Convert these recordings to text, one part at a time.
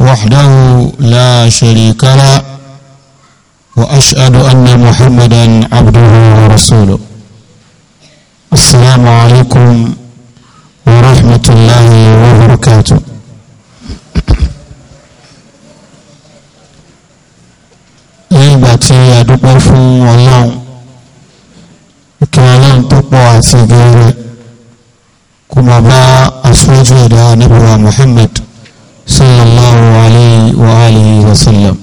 وحده لا شريك له وأشهد أن محمدا عبده ورسوله السلام عليكم ورحمة الله وبركاته نيبا تي أدوبا فون والله كالان تقوى سيدي كما با أفوجه دا نبوى محمد صلى الله عليه وآله وسلم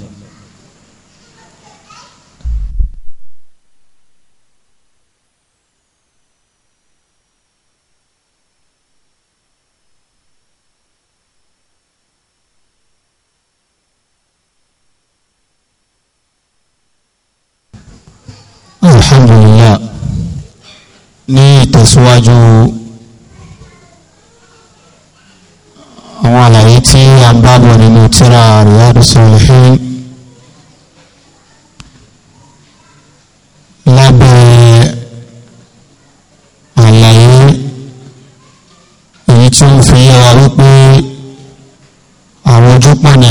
الحمد لله نيت سواجه àwọn àlàyé tí a bá bọ̀ nínú tírà Riyadu Salihin lábẹ́ àlàyé èyí tí ó ń fi yára wípé àwọn ojú pọ̀nà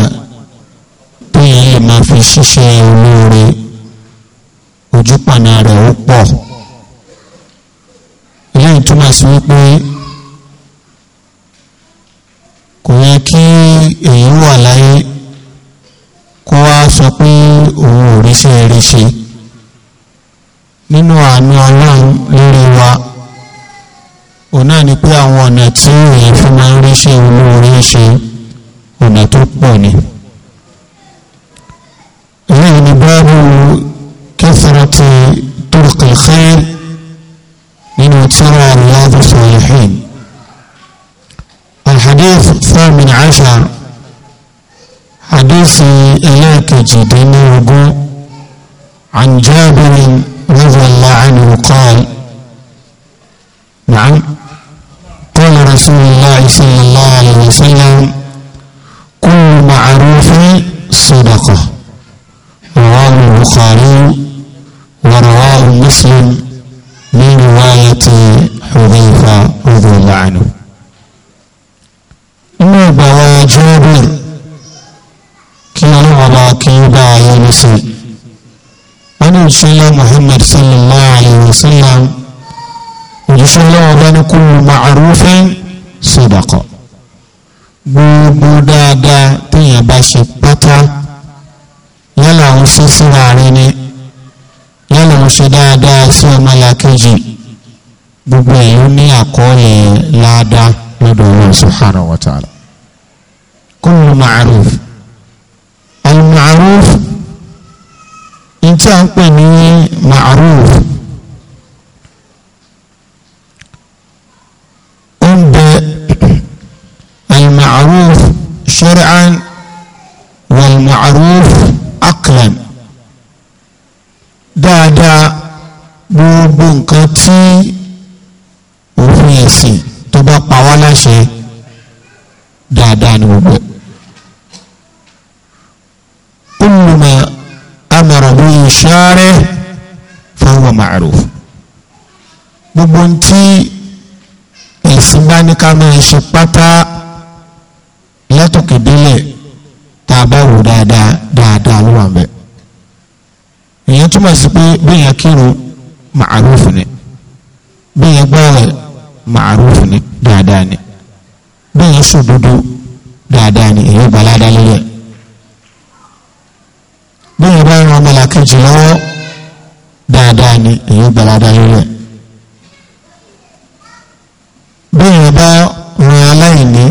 tó yẹ lè máa fi ṣiṣẹ́ olóore ojú pọ̀nà rẹ̀ ó pọ̀ eléyìí túmọ̀ sí wípé. ń ṣe nínú àánú ọlọ́run lórí wa òun náà ni pé àwọn ọ̀nà tí èèyàn fi máa ń rí ṣe olóore ṣe ọ̀nà tó pọ̀ ni. eléyìí ni báàbù kathrati turuqil khair nínú tíra Riyadus Salihin. الحديث الثامن عشر حديث إياك جديني وقول عن جابر رضي الله عنه قال نعم قال رسول الله صلى الله عليه وسلم ńlá Muhammad sallallahu alayhi wa sallam òjíṣẹ́ ọlọ́wọ́ bá ní kullu ma'rufin sadaqa gbogbo dáadáa téèyàn bá ṣe pátá yálà ń fi síra rẹ ni yálà ń ṣe dáadáa sí ọmọ làkejì gbogbo èyí ní àkọọ́lẹ̀ ládàá lọ́dọ̀ Allah subhanahu wa ta'ala kullu ma'ruf al-ma'ruf. n tí a ń pè ní ma'ruf ó ń bẹ al-ma'ruf shar'an wal-ma'ruf aqlan dáadáa gbogbo nǹkan tí òfin ẹ̀sìn tó bá pa wá láṣẹ. ṣáárẹ́ fáwọn ma'ruf gbogbo ntí ẹ̀sìn bá ní ká máa ṣe pátá látòkèdélẹ̀ tá a bá wò dáadáa dáadáa ló wà ń bẹ èyàn túmọ̀ sí pé bẹ́ẹ̀yàn kírun ma'ruf ni bẹ́ẹ̀yàn gbààwẹ̀ ma'ruf ni dáadáa ni bẹ́ẹ̀yàn sòdodo dáadáa ni èyàn gbàládá lélẹ̀ bẹ́ẹ̀yàn bá ń ọmọlàkejì lọ́wọ́ dáadáa ni èyí gbàládá yóò rẹ̀ bẹ́ẹ̀ yẹn bá ran aláìní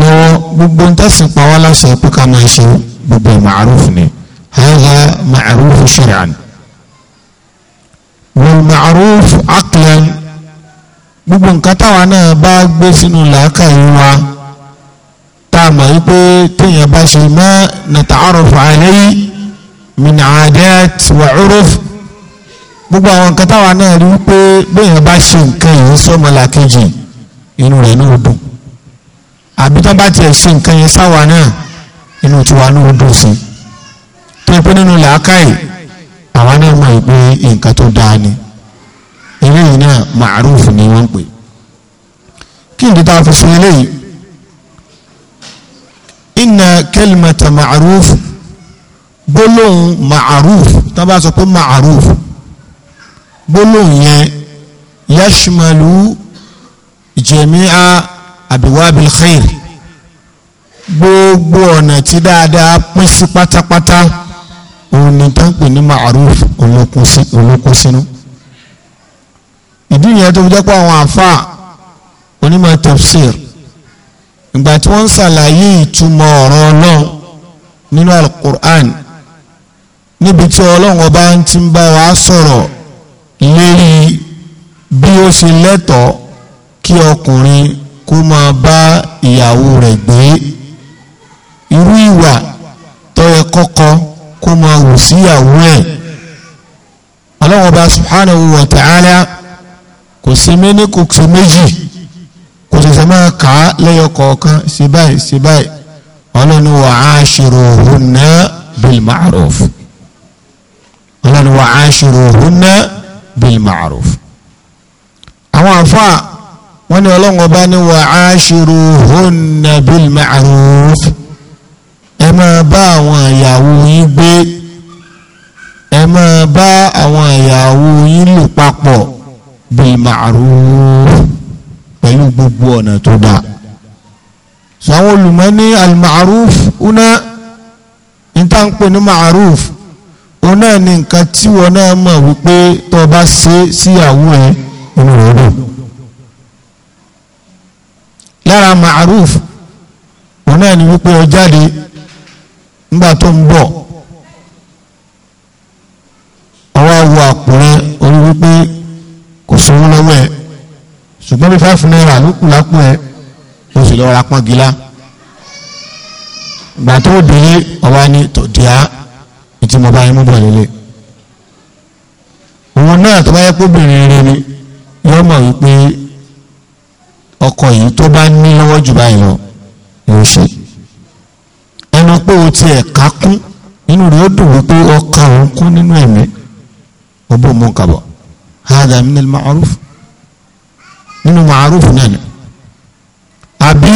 lọ́wọ́ gbogbo ntẹ́sìn pa wá láṣẹ pé ká máa ṣe gbogbo màárùfù ni hàlá màárùfù ṣẹ̀ràn wọ́n màárùfù àkìlẹ̀ gbogbo nǹkan náà bá gbé sínú làákàyè wa tá a téèyàn bá ṣe mọ́ nàtàárọ̀fù àlẹ́ yìí min adat wa uruf gbogbo àwọn nǹkan táwa náà rí wípé bẹ́ẹ̀ bá ṣe nǹkan yìí sọ́mọlàkejì inú rẹ̀ náà dùn àbí tó bá tiẹ̀ ṣe nǹkan yẹn sáwa náà inú tiwa náà dùn sí tó pé nínú làákàyè àwa náà mọ̀ pé nǹkan tó dáa ni eléyìí náà màrúfù ni wọ́n ń pè kí nìdí tá fi sọ eléyìí inna kalimata màrúfù gbólóhùn ma'aruf tá bá sọ pé ma'aruf gbólóhùn yẹn yashmalu jami'a abiwabil khair gbogbo ọ̀nà tí dáadáa pín sí pátápátá òun ni tó ń pè ní ma'aruf olókun sínú ìdí yẹn tó fi jẹ́ àwọn àfáà onímọ̀ tafsir ìgbà tí wọ́n ń ṣàlàyé ìtumọ̀ ọ̀rọ̀ Ọlọ́run nínú al níbi tí ọlọ́run ọba ń ti ń bá wa sọ̀rọ̀ lérí bí ó ṣe lẹ́tọ̀ọ́ kí ọkùnrin kó máa bá ìyàwó rẹ̀ gbé irú ìwà tó yẹ kọ́kọ́ kó máa wù síyàwó ẹ̀ ọlọ́run ọba subhanahu wa ta'ala kò sí mi kò sí méjì kò sì sẹ́ máa lẹ́yọ kọ̀ọ̀kan sí báyìí sí báyìí ọlọ́run wa ashiruhunna bil ma'ruf ọlọ́run wa ashiruhunna bil ma'ruf àwọn àfáà wọ́n ní ọlọ́run ọba ní wa ashiruhunna bil ma'ruf ẹ máa bá àwọn ìyàwó yín gbé ẹ máa bá àwọn ìyàwó yín lò papọ̀ bil ma'ruf pẹ̀lú gbogbo ọ̀nà tó dáa sọ àwọn olùmọ̀ ní al ma'ruf una níta ń pè ní ma'ruf òun náà ni nǹkan tí wọn náà mọ̀ wípé tó o bá ṣe síyàwó ẹ inú rẹ dùn lára ma'aruf òun náà ni wípé o jáde nígbà tó ń bọ̀ ọwọ́ wo àpò rẹ orí wípé kò sówó lọ́wọ́ ẹ ṣùgbọ́n bí five naira ló kù lápò ẹ o sì lọ́ọ́ pọ́n gíla gbà tó délé ni tòdíà tí mo bá yín mú bọ̀ lélẹ̀ òun náà tó bá yẹ kó bìnrin rẹ ni yóò mọ̀ wípé ọkọ yìí tó bá ní lọ́wọ́ jù báyìí lọ ló ṣe ẹnu pé o tiẹ̀ ká kún nínú rẹ̀ ó dùn wípé ọkà òun kún nínú ẹ̀mí ọbọ̀ mú kàbọ̀ hada min al nínú ma'ruf náà ni àbí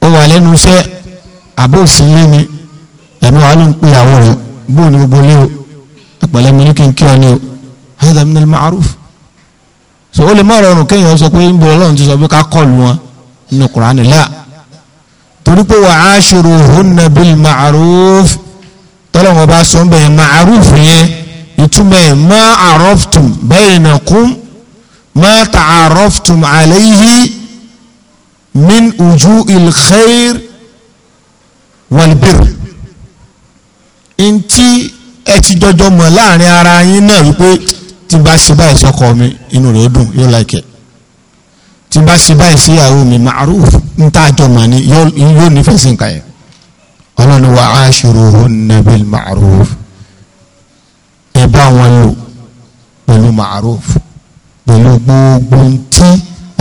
ó wà lẹ́nu iṣẹ́ àbó òsínlé ni ẹ̀mí wa ló ń pè àwọn rẹ̀ bóun ni gbogbo lé o ẹ̀pẹ̀lẹ́ mi ní kí n kí ọ ní o hadha min al-ma'ruf so ó lè má rọrùn kéèyàn sọ pé ń bọ̀ ọlọ́run ti sọ pé ká kọlù wọn nínú kùránì láà torí pé wa ashiruhunna bil ma'ruf tọ́lọ́wọ́n bá sọ bẹ́ẹ̀ ma'ruf yẹn ìtumọ̀ ẹ̀ ma araftum bainakum ma ta'araftum alayhi min uju'il khair wal ntí ẹ ti jọjọ mọ láàrin ara yín náà wípé tí bá ṣe báyìí sọ́kọ mi inú rẹ̀ dùn yóò láìkẹ́ tí ṣe báyìí sí mi ma'ruf n tá àjọ ni yóò nífẹ̀ẹ́ sí nǹkan yẹn ọlọ́ni wa ashiruhunna bil ma'ruf ẹ bá wọn lò pẹ̀lú gbogbo ntí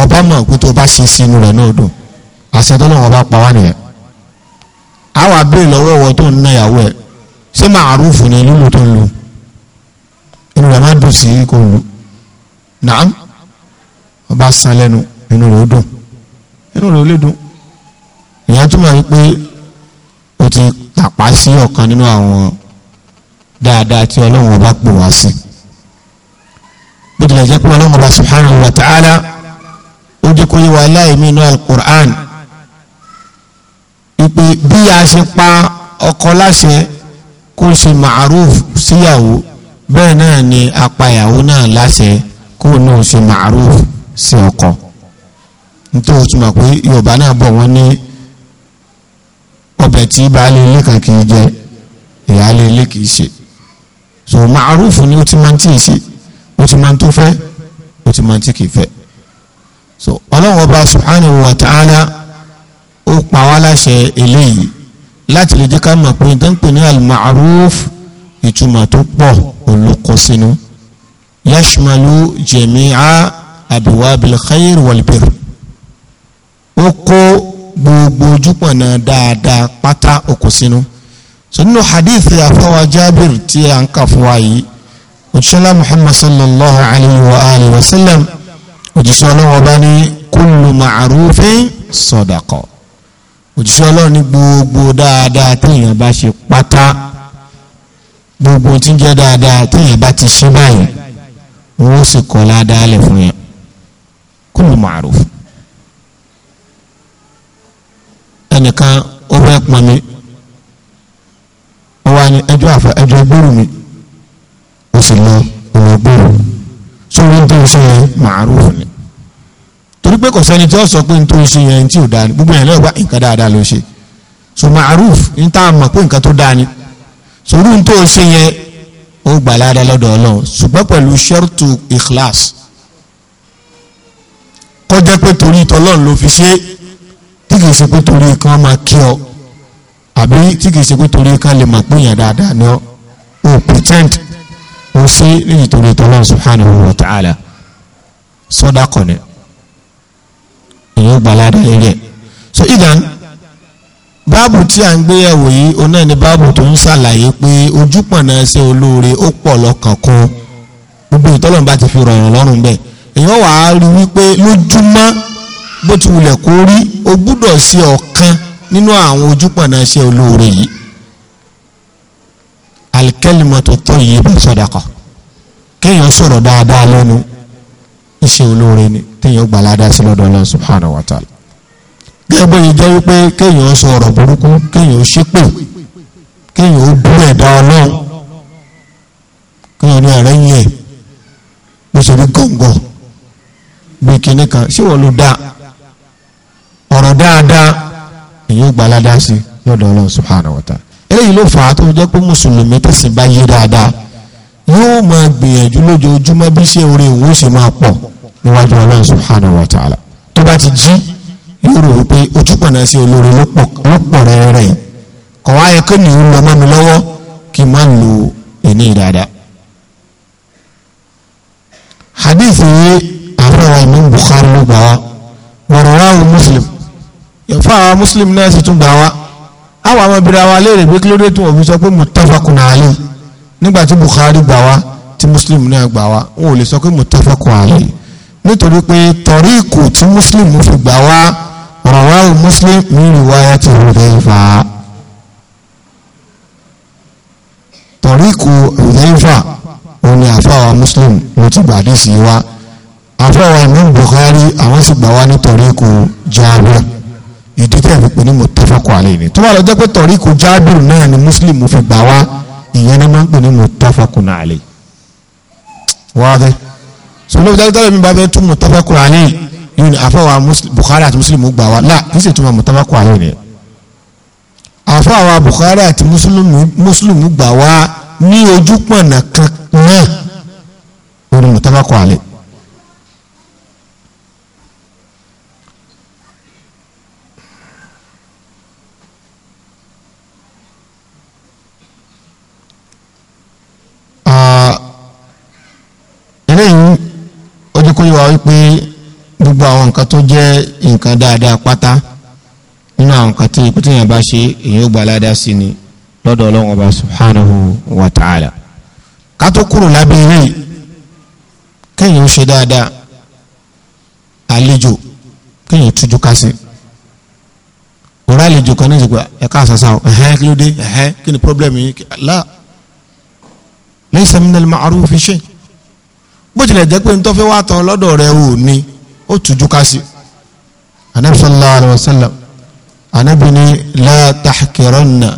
ọba mọ̀ tó bá ṣe sínú náà dùn àṣẹ tó náà wọn bá pa wá nìyẹn àwọn lọ́wọ́ wọn tó ṣé màrúfù ni lílo tó ń lò inú rẹ̀ máa dùn sí kò lù náà wọ́n bá san lẹ́nu inú rẹ̀ ó dùn inú rẹ̀ ó lè dùn ìyẹn túmọ̀ wípé o ti tàpá sí ọ̀kan nínú àwọn dáadáa tí ọlọ́run ọba pò wá sí bí tilẹ̀ jẹ́ pé ọlọ́run ọba subhanahu wa ta'ala ó jẹ́ kó yé wa láìmí inú alukur'an ìpè bí a ṣe pa ọkọ láṣẹ kó ṣe màárùf síyàwó bẹ́ẹ̀ náà ni apayàwó náà láṣẹ kó náà se sí ọkọ nítorí o túmọ̀ pé yorùbá náà bọ̀ wọ́n ní ọbẹ̀ tí baálé ilé kan kì í jẹ ìyáálé ilé kì í ṣe so màárùf ni ó ti máa ń tì í ṣe ó ti máa ń tó fẹ́ ti máa ń tì kì í fẹ́ so ọba subhanahu wa ta'ala ó pa wá láṣẹ láti lè jẹ́ ká mọ̀ pé tó ń pè ní al-ma'ruf ìtumọ̀ tó pọ̀ olùkọ́ sínú yashmalu jami'a abwabil khair wal bir ó kó gbogbo ojúpọ̀nà dáadáa pátá òkú sínú sọ́nù hadith àfọwà jábìr tí a ń kà fún wa yìí òṣìṣẹ́lá muhammad sallallahu alayhi wa alihi wa sallam òjíṣẹ́ ọlọ́wọ́ bá ní kullu ma'rufin sadaqa òjíṣẹ́ ọlọ́run ní gbogbo dáadáa téèyàn bá ṣe pátá gbogbo tí ń jẹ́ dáadáa téèyàn bá ti ṣe báyìí wọn ó sì kọ́ ládàá lẹ̀ fún yẹn kó o màrúf. ẹnìkan ó fẹ́ pọn mi wọ́n wá ní ẹjọ́ àfọ ẹjọ́ gbòòrò mi ó sì lọ òun gbòòrò sórí ń tó ń sọ yẹn màrúf ni torí pé kò sẹ́ni tí ó sọ pé n tó ń ṣe yẹn tí ò dáa ni gbogbo yẹn lọ́wọ́ bá nǹkan dáadáa ló ṣe so ma'aruf n tá a mọ̀ pé nǹkan tó dáa ni sòrú n tó ṣe yẹn ó gbà ládàá lọ́dọ̀ ọlọ́run ṣùgbọ́n pẹ̀lú ṣẹ́rùtù ikhlas kọjá pé torí tọlọ́run ló fi ṣe tí kìí ṣe pé torí kan máa kí ọ àbí tí kìí ṣe pé torí kan lè mọ̀ pé yẹn dáadáa ni ọ ò pretend ó ṣe nítorí tọlọ́run subhanahu wa ta'ala sọ́dà kọ̀nẹ́ èyàn gbalada lórí so idan báàbù tí a ń gbé yẹ̀wò yìí òun náà ni báàbù tó ń ṣàlàyé pé ojúpọ̀nà ṣe olóore ó pọ lọ́kàn kan gbogbo ìtọ́lọ́n bá ti fi rọrùn lọ́rùn bẹ́ẹ̀ èyàn wà á rí wípé lójúmọ́ bó ti wulẹ̀ kó rí o gbúdọ̀ ṣe ọ̀kan nínú àwọn olóore yìí kéèyàn sọ̀rọ̀ dáadáa iṣẹ́ olóore ni téèyàn gbà ládàá sí lọ́dọ̀ Allah subhanahu wa ta'ala. gẹ́gẹ́ bó ṣe jẹ́ wípé kéèyàn sọ ọ̀rọ̀ burúkú kéèyàn ṣépè kéèyàn bú ẹ̀dá ọlọ́run kéèyàn ní ààrẹ yẹn bó ṣe rí gọ̀ǹgọ̀ bíi kinní kan ṣé wọ́n ló dáa ọ̀rọ̀ dáadáa èyàn gbà ládàá sí lọ́dọ̀ Allah subhanahu wa ta'ala. eléyìí ló fà á tó jẹ́ pé mùsùlùmí tẹ̀sìn bá yé dáadáa gbìyànjú lójoojúmọ́ bí ṣe orí òun ó ṣe máa pọ̀ níwájú Allah subhanahu wa ta'ala tó bá ti jí yóò rò wípé ojúkànnà sí olórí ló pọ̀ rẹ́rẹ́ kọ̀ wá yẹ kéènì ń lọ mọ́ mi lọ́wọ́ kí n má lo ẹni dáadáa. hadith yìí àfọwọ́ imam Bukhari ló gbà wá wọ̀rọ̀wáwò Muslim ìfọwọ́ Muslim náà sì tún gbà wá àwọn ọmọbìnrin àwọn alẹ́ rẹ̀ gbé kílódé tó wọ́n fi sọ pé muttafaqun alayh nígbà tí Bukhari gbà wá tí muslim náà gbà wá wọn ò lè sọ pé muttafaqun alayhi nítorí pé tọ̀ríkù tí muslim fi gbà wá rawahu muslim ní riwayati Hudhayfa tọ̀ríkù Hudhayfa òun ni àfáwà muslim ló ti gbàdé sí wa àfáwà imam Bukhari àwọn sì gbà wá ní tọ̀ríkù Jabir ìdí tẹ̀ fi pè ní muttafaqun alayhi ni tó bá lọ jẹ́ pé tọ̀ríkù Jabir náà ni muslim fi gbà wá ìyẹn ni máa ń pè ní muttafaqun alayhi wáde sọlá ìjà ìjà mi bá fẹ́ tún mutafaku alayhi yìí ni àfọwà bukhari àti muslim gbà wá là kí sì túmọ̀ mutafaku alayhi ni àfọwà bukhari àti muslim gbà wá ní ojú pọ̀nà kan náà orí mutafaku alayhi. kó yẹ wá wípé gbogbo àwọn nǹkan tó jẹ́ nǹkan dáadáa pátá nínú àwọn nǹkan tí ìpínlẹ̀ yẹn bá ṣe èyí ó gba aládàá sí ni lọ́dọ̀ ọlọ́run ọba subhanahu wa ta'ala ká tó kúrò lábẹ́ eré kéèyàn ó ṣe dáadáa àlejò kéèyàn tújú kásìn òrò àlejò kan náà ti gba ẹ̀ka àṣàṣà ọ̀ ẹ̀hẹ́ kí ló dé ẹ̀hẹ́ kí ni pọ́blẹ́mù yìí là laysa min al-ma'rufi shay bó tilẹ̀ jẹ́ pé ntọ́fẹ́ wà tọ́ lọ́dọ̀ rẹ ò ní ó tùjú ká sí. anabi sallallahu alayhi wa sallam anabi ni la tahkiranna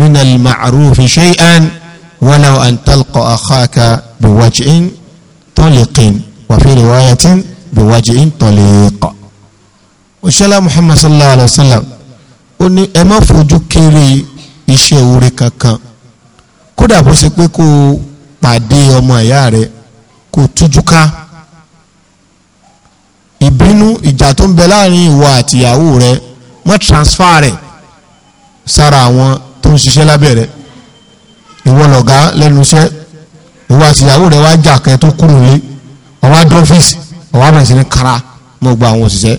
min al-ma'rufi shay'an walaw an talqa akhaka biwajhin taliqin wa fi riwayatin biwajhin taliqa. òṣèlú muhammad sallallahu alayhi wa sallam ó ní ẹ má fojú kéré iṣẹ́ orí kankan kódà bó ṣe pé kó pàdé ọmọ ìyá rẹ̀ kò tújú ká ìbínú ìjà tó ń bẹ láàrin ìwọ àtìyàwó rẹ má transfer rẹ sára àwọn tó ń ṣiṣẹ́ lábẹ́ rẹ ìwọ lọ̀gá lẹ́nu iṣẹ́ ìwọ àtìyàwó rẹ wá jà kẹ́ tó kúrò lé ọwọ́ adé ọ́fíìsì ọwọ́ abẹ́rẹ́ sí ní kara mọ́ gba àwọn òṣìṣẹ́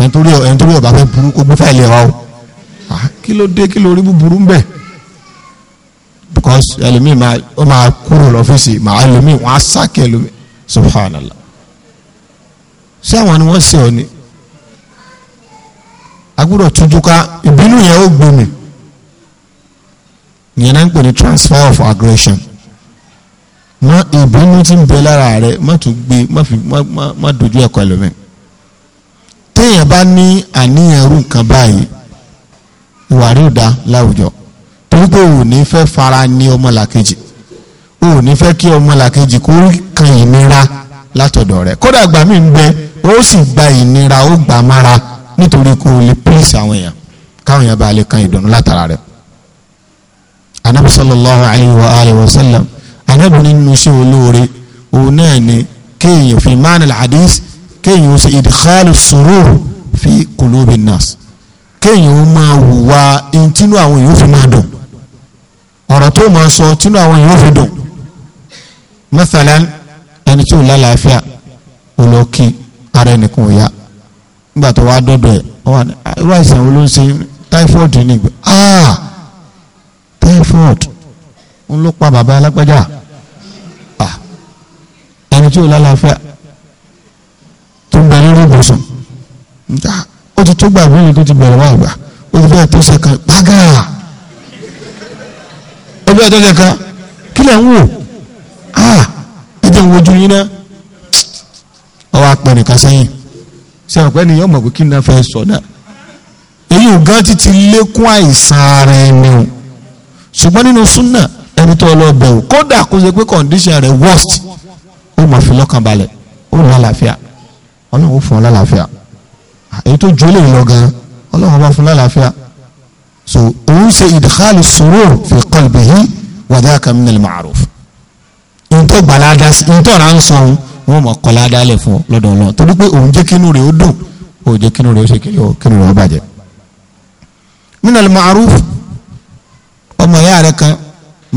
ẹni tó rí ọba fẹ́ burú kó gbé fáìlì ẹ̀ wá o ah, kí ló dé kí ló rí búburú ń bẹ̀ because ẹlòmíì máa ó máa kúrò lọ́fíìsì máa ẹlòmíì wọ́n á sáàkì ẹlòmíì subhanallah ṣé àwọn ni wọ́n ṣe ọ ni agbọ́dọ̀ tuntun ká ìbínú yẹn ó gbomi ìyẹn náà ń pè ní transfer of aggression má ìbínú ti ń bẹ lára rẹ má tún gbé má fi má má má dojú ẹ̀kọ́ ẹlòmíì téèyàn bá ní àníyàn irú nǹkan báyìí ìwà rí ò dá láwùjọ torí pé ò ní fẹ́ fara ní ọmọlàkejì ò ní fẹ́ kí ọmọlàkejì kó kan ìnira látọ̀dọ̀ rẹ̀ kódà gbà mí ń bẹ ó sì gba ìnira ó gbà mára nítorí kó o lè pèsè àwọn èèyàn káwọn èèyàn bá lè kan ìdùnnú látara rẹ̀. anabi sallallahu alayhi wa alayhi wa sallam anabi nínú iṣẹ́ olóore òun náà ni kéèyàn fi mánà hadith kéèyàn ó ṣe ìdíkàlù surur fi kulubi nas kéèyàn ó máa hùwà ìtinú àwọn èèyàn ó fi máa dùn ọ̀rọ̀ tó máa sọ tínú àwọn èèyàn fi dùn mẹ́sàlán ẹni tí ò lálàáfíà ò lọ kí ara ẹnìkan ò yá nígbà tó wá dọ́dọ̀ ẹ̀ wọ́n ní irú àìsàn wo ló ń ṣe typhoid ní ìgbẹ́ ah typhoid ń ló pa bàbá alágbájá ah ẹni tí ò lálàáfíà tó ń bẹ nínú ìbùsùn ah, ó ti tó gbàgbé yìí tó ti bẹ̀rẹ̀ wá àgbà ó ti bẹ́ẹ̀ tó ṣe kan gbágàá ẹbí àtọ́jà kan kí lẹ̀ ń wò ah ẹjẹ̀ ń wojú yín náà ọwọ́ apẹ̀ nìkan sẹ́yìn ṣe àpẹ́ ni yọ̀ọ́ mọ̀ pé kí n náà fẹ́ sọ náà èyí ò gán títí lékún àìsàn ara ẹni o ṣùgbọ́n nínú súnà ẹni tó lọ bẹ̀rù kódà kó ṣe pé condition rẹ̀ worst ó máa fi lọ́kàn balẹ̀ ó lálàáfíà ọlọ́run ó fún ọ lálàáfíà ah, èyí tó ju eléyìí lọ gan ọlọ́run bá fún lálàáfíà so òun ṣe ìdíkàlù surur fi qalbihi wa dhaka min al-ma'ruf ntọ́ gbalada ntọ́ ra ń sọ̀n wọ́n mọ̀ kọ́lá dálẹ̀ fún lọ́dọ̀ ọlọ́ torí pé òun jẹ́ kínú rẹ̀ ó dùn ó jẹ́ kínú rẹ̀ ó ṣe kínú rẹ̀ ó bàjẹ́. min al-ma'ruf ọmọ ìyá rẹ kan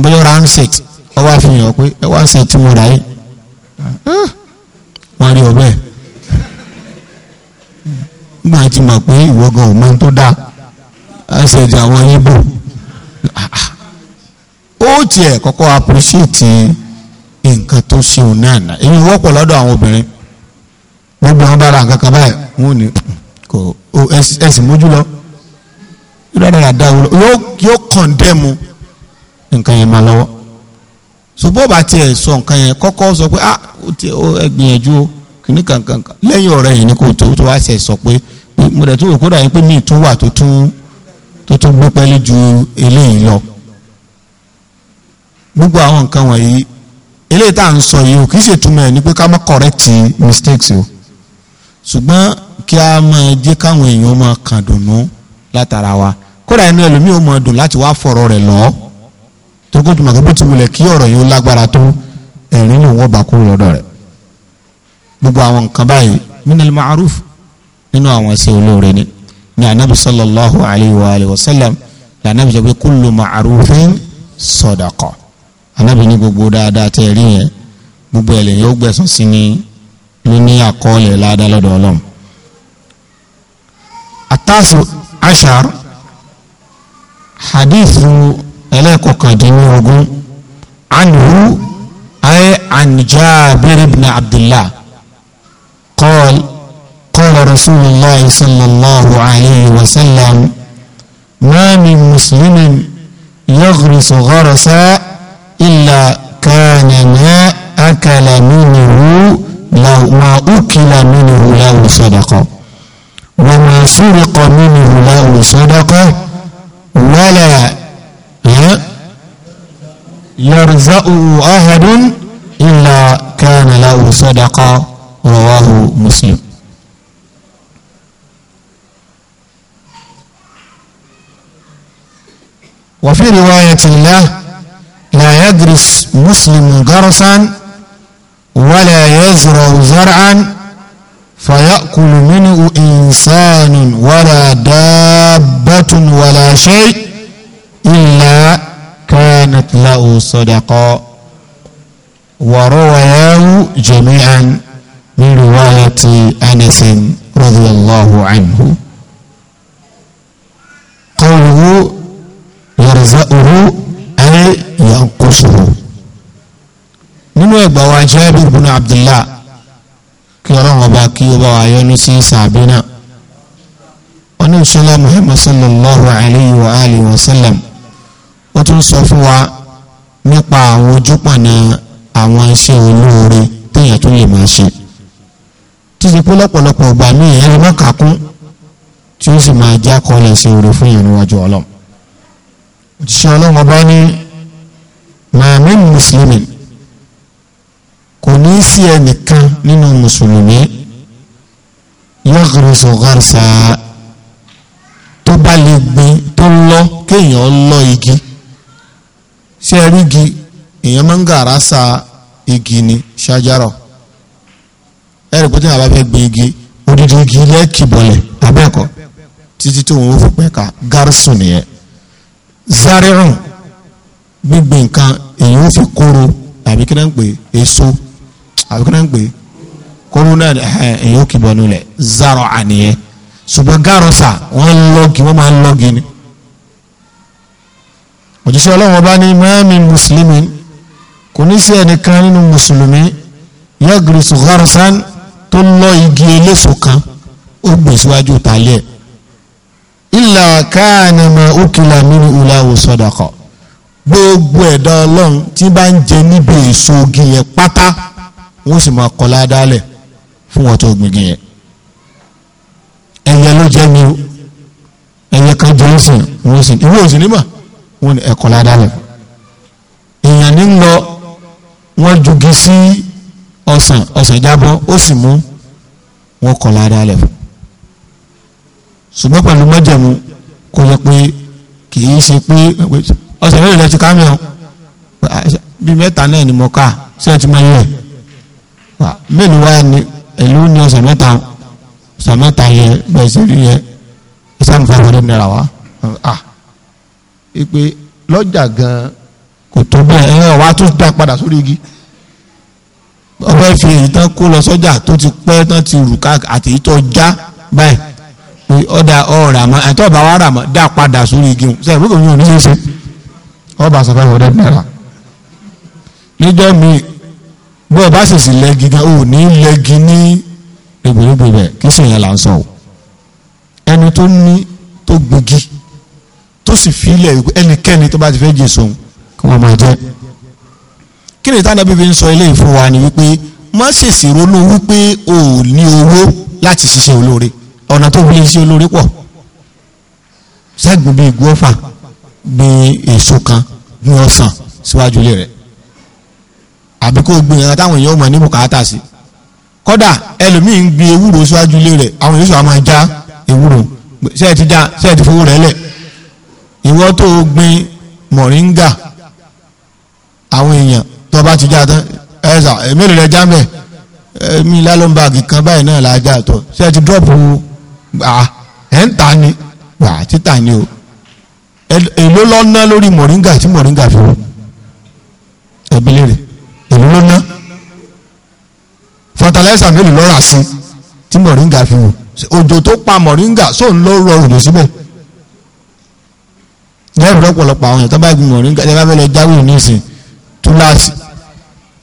bóyá ra ń ṣe ọwọ́ àfihàn pé ẹ wá ń ṣe tí mo rà yìí ah, wọ́n rí ọbẹ̀ nígbà tí mo pé ìwọ ò mọ ohun tó dáa ẹsẹ̀jà àwọn Yíbò ah, ah. ó tiẹ̀ kọ́kọ́ appreciate nǹkan tó ṣe òun náà nà èyí wọ́pọ̀ lọ́dọ̀ àwọn obìnrin gbogbo àwọn bára nǹkan kan báyìí wọn ò ní kò ẹsìn mójú lọ ìrọ̀lẹ́ àdáwọ̀ lọ yóò condemn nǹkan yẹn máa lọ́wọ́ ṣùgbọ́n bá tiẹ̀ sọ nǹkan yẹn kọ́kọ́ sọ pé ah ó tiẹ̀ ó ẹgbìyànjú o kìíní kankan lẹ́yìn ọ̀rẹ́ yẹn ni kò tó tó wá ṣe sọ pé mo dẹ̀ tó rò kódà yẹn pé mi tún wà tó tún tó tún gbé pẹ́lú ju eléyìí lọ gbogbo àwọn nǹkan wọ̀nyí eléyìí tá à ń sọ yìí ò kì í ṣètumọ̀ ẹ̀ ní pé ká má correct mistakes o ṣùgbọ́n kí a máa jẹ́ káwọn èèyàn máa kàn dùnú látara wa kódà inú ẹlòmíì ó máa dùn láti wá fọ̀rọ̀ rẹ̀ lọ́ tó kó jùmọ̀ kí bó ti kí ọ̀rọ̀ yìí ó lágbára tó ẹ̀rín lòun ọba kúrò lọ́dọ̀ rẹ̀ gbogbo àwọn nǹkan báyìí minal ma'ruf nínú àwọn ṣe olóore ni ní anabi sallallahu alayhi wa alayhi wa sallam ní anabi sọ pé kullu ma'arufin sadaqa anabi ní gbogbo dáadáa tẹ rí yẹn gbogbo ẹ̀ lẹ́yìn ó gbẹ̀sán sí ni ló ní àkọọ́lẹ̀ ládàá lọ́dọ̀ ọlọ́run. àtàsù ashar hadithu ẹlẹ́kọ̀kàndínlógún anhu ayé an ibn Abdullah qala. قال رسول الله صلى الله عليه وسلم ما من مسلم يغرس غرسا إلا كان ما أكل منه لو ما أكل منه له صدقة وما سرق منه له صدقة ولا يرزقه أحد إلا كان له صدقة رواه مسلم وفي رواية الله لا يجرس مسلم جرسا ولا يزرع زرعا فيأكل منه إنسان ولا دابة ولا شيء إلا كانت له صدقة وروياه جميعا من رواية أنس رضي الله عنه قوله yajza'uhu ayé yanqusuhu nínú ẹgbà wa Jabir ibn Abdullah kí ọlọ́run ọba kí ó bá wa yọ́nú sí sàbínà oníṣẹ́lá Muhammad sallallahu alayhi wa alihi wa sallam ó tún sọ fún wa nípa àwọn ojúpọ̀nà àwọn iṣẹ́ olóore téèyàn tún lè máa ṣe títí pé lọ́pọ̀lọpọ̀ ọgbà míì ẹni má kàkún tí ó sì máa já kọ́lẹ̀ sí oore fún ìrìnwájú ọlọ́run òjíṣẹ́ ọlọ́run ọba ní màmí mùsùlùmí kò ní í sí ẹnìkan nínú mùsùlùmí yọ̀gùrùsọ̀ gàrùsà tó bá lè gbin tó lọ kéèyàn lọ igi ṣé ẹ igi èèyàn máa ń gàrà sa igi ni ṣájárọ̀ ẹ rí pé tí wọn bá fẹ́ gbin igi odidi igi lẹ́ẹ̀kì bọ̀lẹ̀ títí tóun ó fi pẹ́ ka gàrùsùn nìyẹn zariun gbígbìn nǹkan èyí ó fi kóró àbí kí náà ń pè èso àbí kí náà ń pè kóró náà èyí ó kì bọ́nú lẹ̀ zaro àníyẹ ṣùgbọ́n gárọ́sà wọ́n lọ́gì wọ́n máa ń lọ́gì ni òjíṣẹ́ ọlọ́run ọba ní mẹ́mí mùsùlùmí kò ní sí ẹnìkan nínú mùsùlùmí yẹ́gìrì sùgárọ̀sán tó lọ igi eléso kan ó gbèsíwájú tàlẹ́ ẹ̀ ìlà káàní ma ó kìlà nínú ìlàwọ̀ sọ̀dọ̀kọ̀ gbogbo ẹ̀dá ọlọ́run tí bá ń jẹ níbi èso igi yẹn pátá wọ́n sì máa kọ́ ládàálẹ̀ fún wọn tó gbìngìn yẹn ẹ̀yẹ ló jẹ́ mi o ẹ̀yẹ kan jẹ́ ìsìn wọ́n sì ìwé òsì nímọ̀ wọ́n ní ẹ̀kọ́ ládàálẹ̀ èèyàn ní lọ wọ́n jugi sí ọ̀sán ọ̀sán jábọ́ ó sì mú wọ́n kọ́ ládàálẹ̀ fún ṣùgbọ́n pẹ̀lú mọ́jẹ̀mú kò yẹ pé kì í ṣe pé ọ̀sẹ̀ mẹ́rin lẹ́tí ká mìíràn bíi mẹ́ta náà ni mo kà ṣé ẹ ti máa yẹ mélòó wáyà ni èlò ní ọ̀sẹ̀ mẹ́ta ọ̀sẹ̀ mẹ́ta yẹ bẹ́ẹ̀ ṣe rí yẹ ìsáàmù five hundred naira wa ah ìpè lọ́jà gan-an kò tó bẹ́ẹ̀ ẹ̀rọ wa tún dá padà sórí igi ọbẹ̀ fi èyí tán kó lọ sọ́jà tó ti pẹ́ tán ti rù ká àti já báyìí pé ọ̀dà ọ̀rà mọ́ àti ọ̀bà wa rà mọ́ dá padà sórí igi sẹ́yìn fún kòmíyàn ní ṣe ọba sọ fẹ́ẹ́ ọ̀dẹ́ náírà níjọ́ mi bó o bá sì sì lẹ́gi gan o ní lẹ́gi ní rẹ̀gbẹ̀rẹ̀gbẹ̀ bẹ̀ kí sèyàn là ń sọ o ẹni tó ní tó gbògi tó sì fílẹ̀ ẹnikẹ́ni tó bá ti fẹ́ jésù kí wọ́n máa jẹ́ kí ni tánà bíbí ń sọ eléyìí fún ni wípé má ṣèṣì ronú wípé ò ní owó láti ṣiṣẹ́ olóore ọ̀nà tó fi lè ṣe olórí pọ̀ ṣẹ́gun bíi gúọ́fà bíi èso kan ní ọ̀sán síwájú ilé rẹ̀ àbí kó gbin ẹran táwọn èèyàn mọ̀ ní bùkátà sí kódà ẹlòmíì ń gbin ewúro síwájú ilé rẹ̀ àwọn èèyàn sọ àwọn máa já ewúro ṣé ti já ṣé ti fowó rẹ̀ lẹ̀ ìwọ tó gbin mọ̀ríńgà àwọn èèyàn tó bá ti já tán ẹ̀ẹ́sà èmi rẹ̀ já mẹ́ ẹ̀mí kan báyìí náà làá já tọ̀ ṣé ẹ ti à ẹ̀ ń ta ni wà títà ni o èló lọ ná lórí moringa tí moringa fi wù ẹ̀bí lè rè èló lọ ná fertilizer mélòó lọ́ra sí tí mọ̀ríngà fi wù òjò tó pa mọ̀ríngà sóun ló rọrùn jù síbẹ̀ lẹ́yìn lọ́pọ̀lọpọ̀ àwọn èèyàn tó bá gbin mọ̀ríngà lẹ́yìn abẹ́lẹ̀ jáwé nísìn túláàsì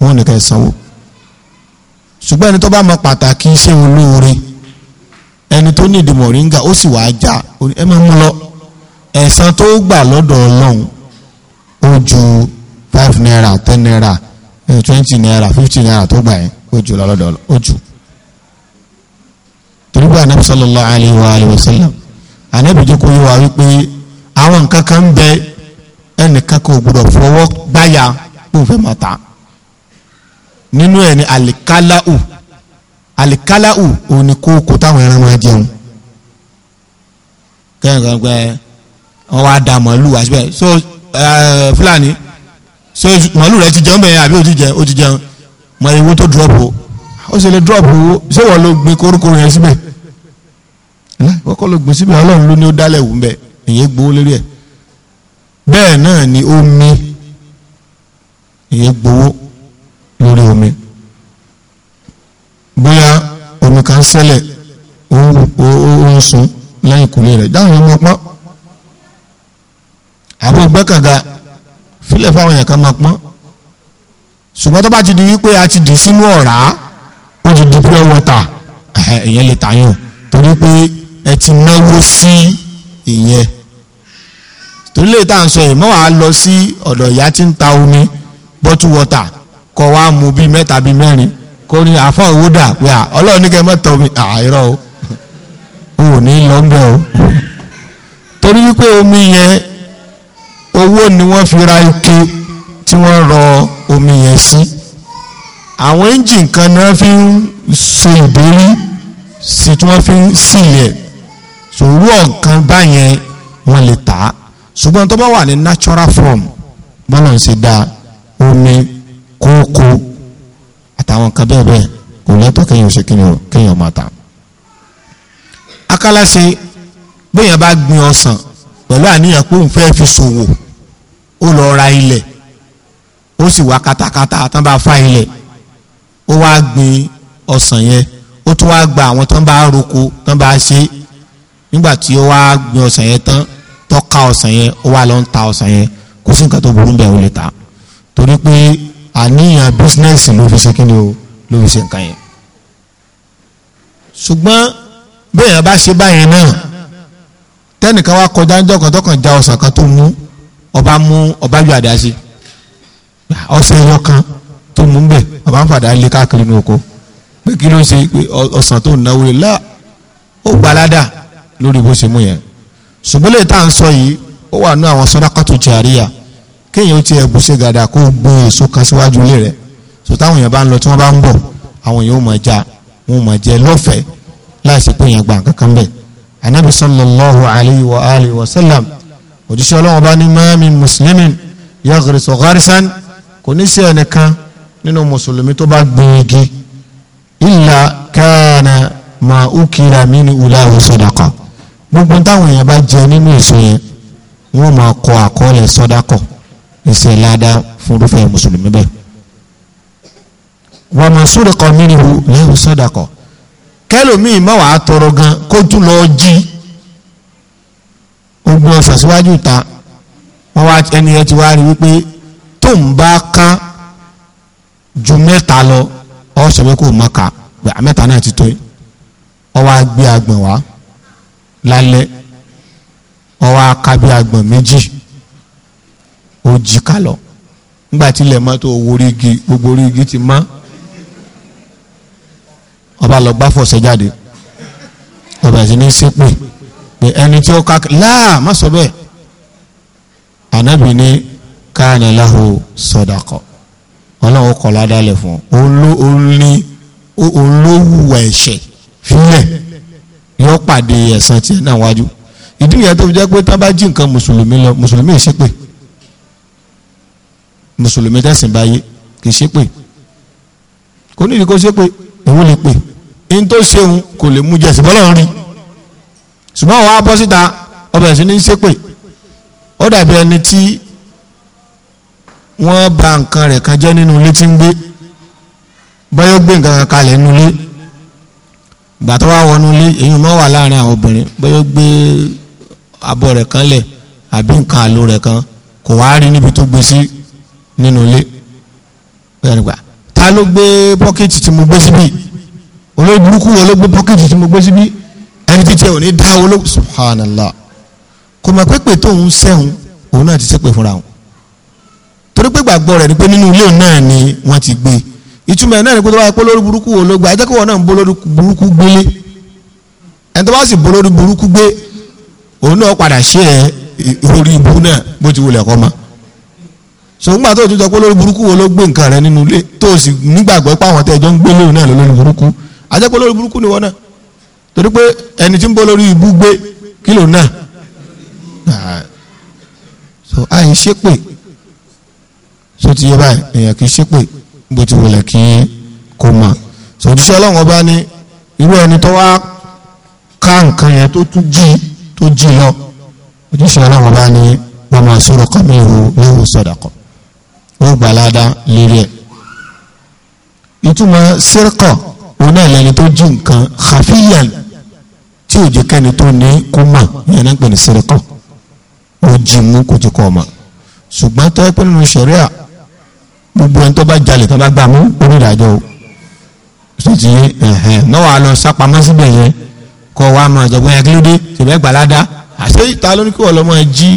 wọn nìkan ìsanwó ṣùgbọ́n ẹni tó bá mọ pàtàkì iṣẹ́ olóore ẹni tó ní ìdí mọ̀ríńgà ó sì wàá já ẹ máa mú lọ ẹ̀san tó gbà lọ́dọ̀ ọlọ́run ó ju five naira ten naira eh, twenty naira fifty naira tó gbà yẹn ó ju lọ́dọ̀ ọlọ́run ó ju. torí anabi sallallahu alayhi wa alayhi sallam anabi jókòó yóò wá wípé àwọn nǹkan kan ń bẹ ẹnìkan kò gbọdọ̀ fọwọ́ báyà kó fẹ́ máa ta nínú ẹ̀ ní alikalau àlìkáláù òun ni kókó táwọn ẹran máa jẹun kẹ́hìn kan pé wọ́n wá da màálù àti bẹ́ẹ̀ so eh, fúlàní so màálù rẹ ti jẹun bẹ́ẹ̀ àbí o ti jẹun o ti jẹun mọ ewu tó dúrọ́pù ó ṣe lè dúrọ́pù ṣé wọ́n ló gbin koríko yẹn síbẹ̀ kọ́kọ́ ló gbin síbẹ̀ ọlọ́run ló ní ó dálẹ̀ wù bẹ́ẹ̀ ìyẹn gbowó lórí ẹ̀ bẹ́ẹ̀ náà ni omi ìyẹn gbowó lórí omi bóyá omi kan ṣẹlẹ̀ ó ń sun lẹ́yìn kùlé rẹ̀ dáhùn ọmọ pọ́n àbò gbẹ́kànga filẹ̀ fáwọn èèyàn kan máa pọ́n ṣùgbọ́n tó bá ti di wípé a ti dì sínú ọ̀rá ó ti di pure water ìyẹn lè tàyàn torí pé ẹ ti náwó sí ìyẹn torí lè tá à ń sọ yìí mọ́ wàá lọ sí ọ̀dọ̀ ìyá tí ń ta omi bottle water kọ́ wa mu bíi mẹ́ta bíi mẹ́rin kò ní àfa owó dà pé à ọlọ́run ní kẹ́ mọ́ tọ́ mi àìrọ́ o ò ní lọ ń bẹ̀ o torí wípé omi yẹn owó ni wọ́n fi ra ike tí wọ́n rọ omi yẹn sí àwọn ẹ́ńjìn kan náà fi ń so ìbérí sí tí wọ́n fi ń sílẹ̀ sòwúrò ọ̀kan báyẹn wọ́n lè tà á ṣùgbọ́n tó bá wà ní natural form balance ń ṣe da omi kókó àtàwọn kan bẹ́ẹ̀ bẹ́ẹ̀ kò lẹ́tọ̀ kéèyàn ṣe kéèyàn máa tà. akálàṣe bóyá bá gbin ọsàn pẹ̀lú àníyàn pé òun fẹ́ẹ́ fi ṣòwò ó lọ ra ilẹ̀ ó sì wá katakata tán bá fa ilẹ̀ ó wá gbin ọsàn yẹn ó tún wá gba àwọn tán bá roko tán bá ṣe nígbà tí ó wá gbin ọsàn yẹn tán tọ́ka ọsàn yẹn ó wá lọ ń ta ọsàn yẹn kò sí nǹkan tó burú bẹ́ẹ̀ ó ta torí pé àníyàn bísínẹ́sì ló fi ṣe kí ni o ló fi ṣe nǹkan yẹn ṣùgbọ́n bẹ́ẹ̀ bá ṣe báyẹn náà tẹ́nìkan wá kọjá níjọ́ kan tọkàn já ọ̀sán kan tó mú ọba mú ọba ju àdá sí ọ̀sẹ̀ ẹyọ kan tó mú bẹ̀ ọba ń fàdá lé káàkiri ní oko pé kí ló ń ṣe pé ọ̀sán tó náwó rẹ̀ lá ó gbalada lórí bó ṣe mú yẹn ṣùgbọ́n lè tá à ń sọ yìí ó wà ní àwọn sọ́dá kọ́tù jàríyà kéèyàn ti ẹ̀bù ṣe gàdà kó gbin èso kan síwájú ilé rẹ̀ so táwọn èèyàn bá ń lọ tí wọ́n bá ń bọ̀ àwọn èèyàn ò mọ̀ já wọn ò mọ̀ jẹ lọ́fẹ̀ẹ́ láìsí pé èèyàn gbà kankan bẹ́ẹ̀ anabi sallallahu alayhi wa alihi wa sallam òjíṣẹ́ ọlọ́wọ́n bá ní mami muslimin yaghrisu gharisan kò ní sí ẹnìkan nínú mùsùlùmí tó bá gbin igi illa kana ma ukila min ulahu sadaqa gbogbo táwọn èèyàn bá jẹ nínú èso yẹn wọ́n máa kọ àkọọ́lẹ̀ sọ́dákọ̀ ṣe ládá fún irúfẹ́ mùsùlùmí bẹ́ẹ̀. wọ́n máa sóde kan mímu lẹ́hùn sọ́dàkọ̀ kẹlòmíì má wàá tọrọ gan kó tún lọ jí ogun ọ̀sán síwájú ta wọ́n wá ẹni ẹ ti wá rí wípé tó ń bá ká ju mẹ́ta lọ ọ́ sọ pé kò má ka mẹ́ta náà ti tó yìí ó wá gbé agbọ̀n wá lálẹ́ ó wá ká bí agbọ̀n méjì ó jí ká lọ nígbà tí ilẹ̀ mọ́tò owó orí igi gbogbo orí igi ti mọ́ ọba lọ gbá fọ̀sẹ̀ jáde ọba ẹ̀sìn ní sépè pé ẹni tí ó ká láà má sọ bẹ́ẹ̀ ànábì ní káàní láhù sọdàkọ ọlọ́run kọ̀ ládàlẹ̀ fún olówùwà ẹ̀ṣẹ̀ fílẹ̀ yóò pàdé ẹ̀san tiẹ̀ náà wájú ìdí nìyẹn jẹ́ pé tá nǹkan mùsùlùmí lọ mùsùlùmí ìṣépè mùsùlùmí tẹ̀sìn báyé kì í ṣe pé kò ní ìdíkó ṣe pé òun lè pè ní tó ṣeun kò lè mú jẹ̀sìn bọ́lá rí ṣùgbọ́n àwọn abọ́ síta ọbẹ̀ sí ní ṣe pé ó dàbí ẹni tí wọ́n bà nǹkan rẹ̀ kan jẹ́ nínú ilé tí ń gbé bọ́yọ́ gbé nǹkan kan kalẹ̀ nínú ilé gbàtọ́ wá wọnú ilé èyí mọ́ wà láàrin àwọn obìnrin bọ́yọ́ gbé abọ́ rẹ̀ kan lẹ̀ àbí nǹkan àlò rẹ̀ kan kò wá rí níbi tó gbé sí nínú ilé ta ló gbé pọ́kẹ́tì tí mo gbé síbí olórí burúkú wo ló gbé pọ́kẹ́tì tí mo gbé síbí ẹni tí tiẹ̀ ò ní dá owó ló subhanallah kò mọ̀ pé pé tóun sẹ́hun òun náà ti sẹ́pẹ̀ fúnra wọn torí pé gbàgbọ́ rẹ̀ ni pé nínú ilé náà ni wọ́n ti gbé ìtumọ̀ ẹ̀ náà ni pé tó bá pé olórí burúkú wo ló gbé ajẹ́ kó wọn náà ń bolórí burúkú gbélé ẹni tó bá sì bolórí gbé òun náà padà ṣe é orí ibú náà bó ti wulẹ̀ kọ́ máa sọ̀gbọ́n tó tún sọ pé lórí burúkú wo ló gbé nǹkan rẹ nínú ilé tó o sì nígbàgbọ́ pé àwọn tẹ̀jọ́ ń gbé lórí náà lórí burúkú ajẹ́ lórí burúkú ni wọ́n náà torí pé ẹni tí ń bọ́ lórí ibú gbé kílò náà ah. so àyè ṣépè so ti yẹ báyìí èèyàn kì í ṣépè bó ti wọlé kí kò mọ̀ so òjíṣẹ́ ọlọ́run ọba ní irú ẹni tó wá ká nǹkan yẹn tó tún jí tó jí lọ òjíṣẹ́ ọlọ́run ọba ní wọ́n máa sọ̀rọ̀ kọ́ ìhò ìhò sọ̀dà wọ́n gbà ládá lérí ẹ̀ ìtumọ̀ sírkọ̀ òun náà lẹni tó jí nǹkan hafiyan tí ò jẹ́ kẹ́ni tó ní kó mà yẹn náà gbẹ̀ni sírkọ̀ ó jí mú kó ti kọ́ ọ mà ṣùgbọ́n tó yẹ pé nínú sẹ̀ríà gbogbo ẹni tó bá jalè tó bá gbà mú onídàájọ́ o sọtì ẹ̀hẹ̀n náà wà lọ sápamọ́ síbẹ̀ yẹn kọ́ wa máa jọ bóyá kílódé tìbẹ́ gbà àṣẹ ìta lóníkó ọlọ́mọ ẹ jí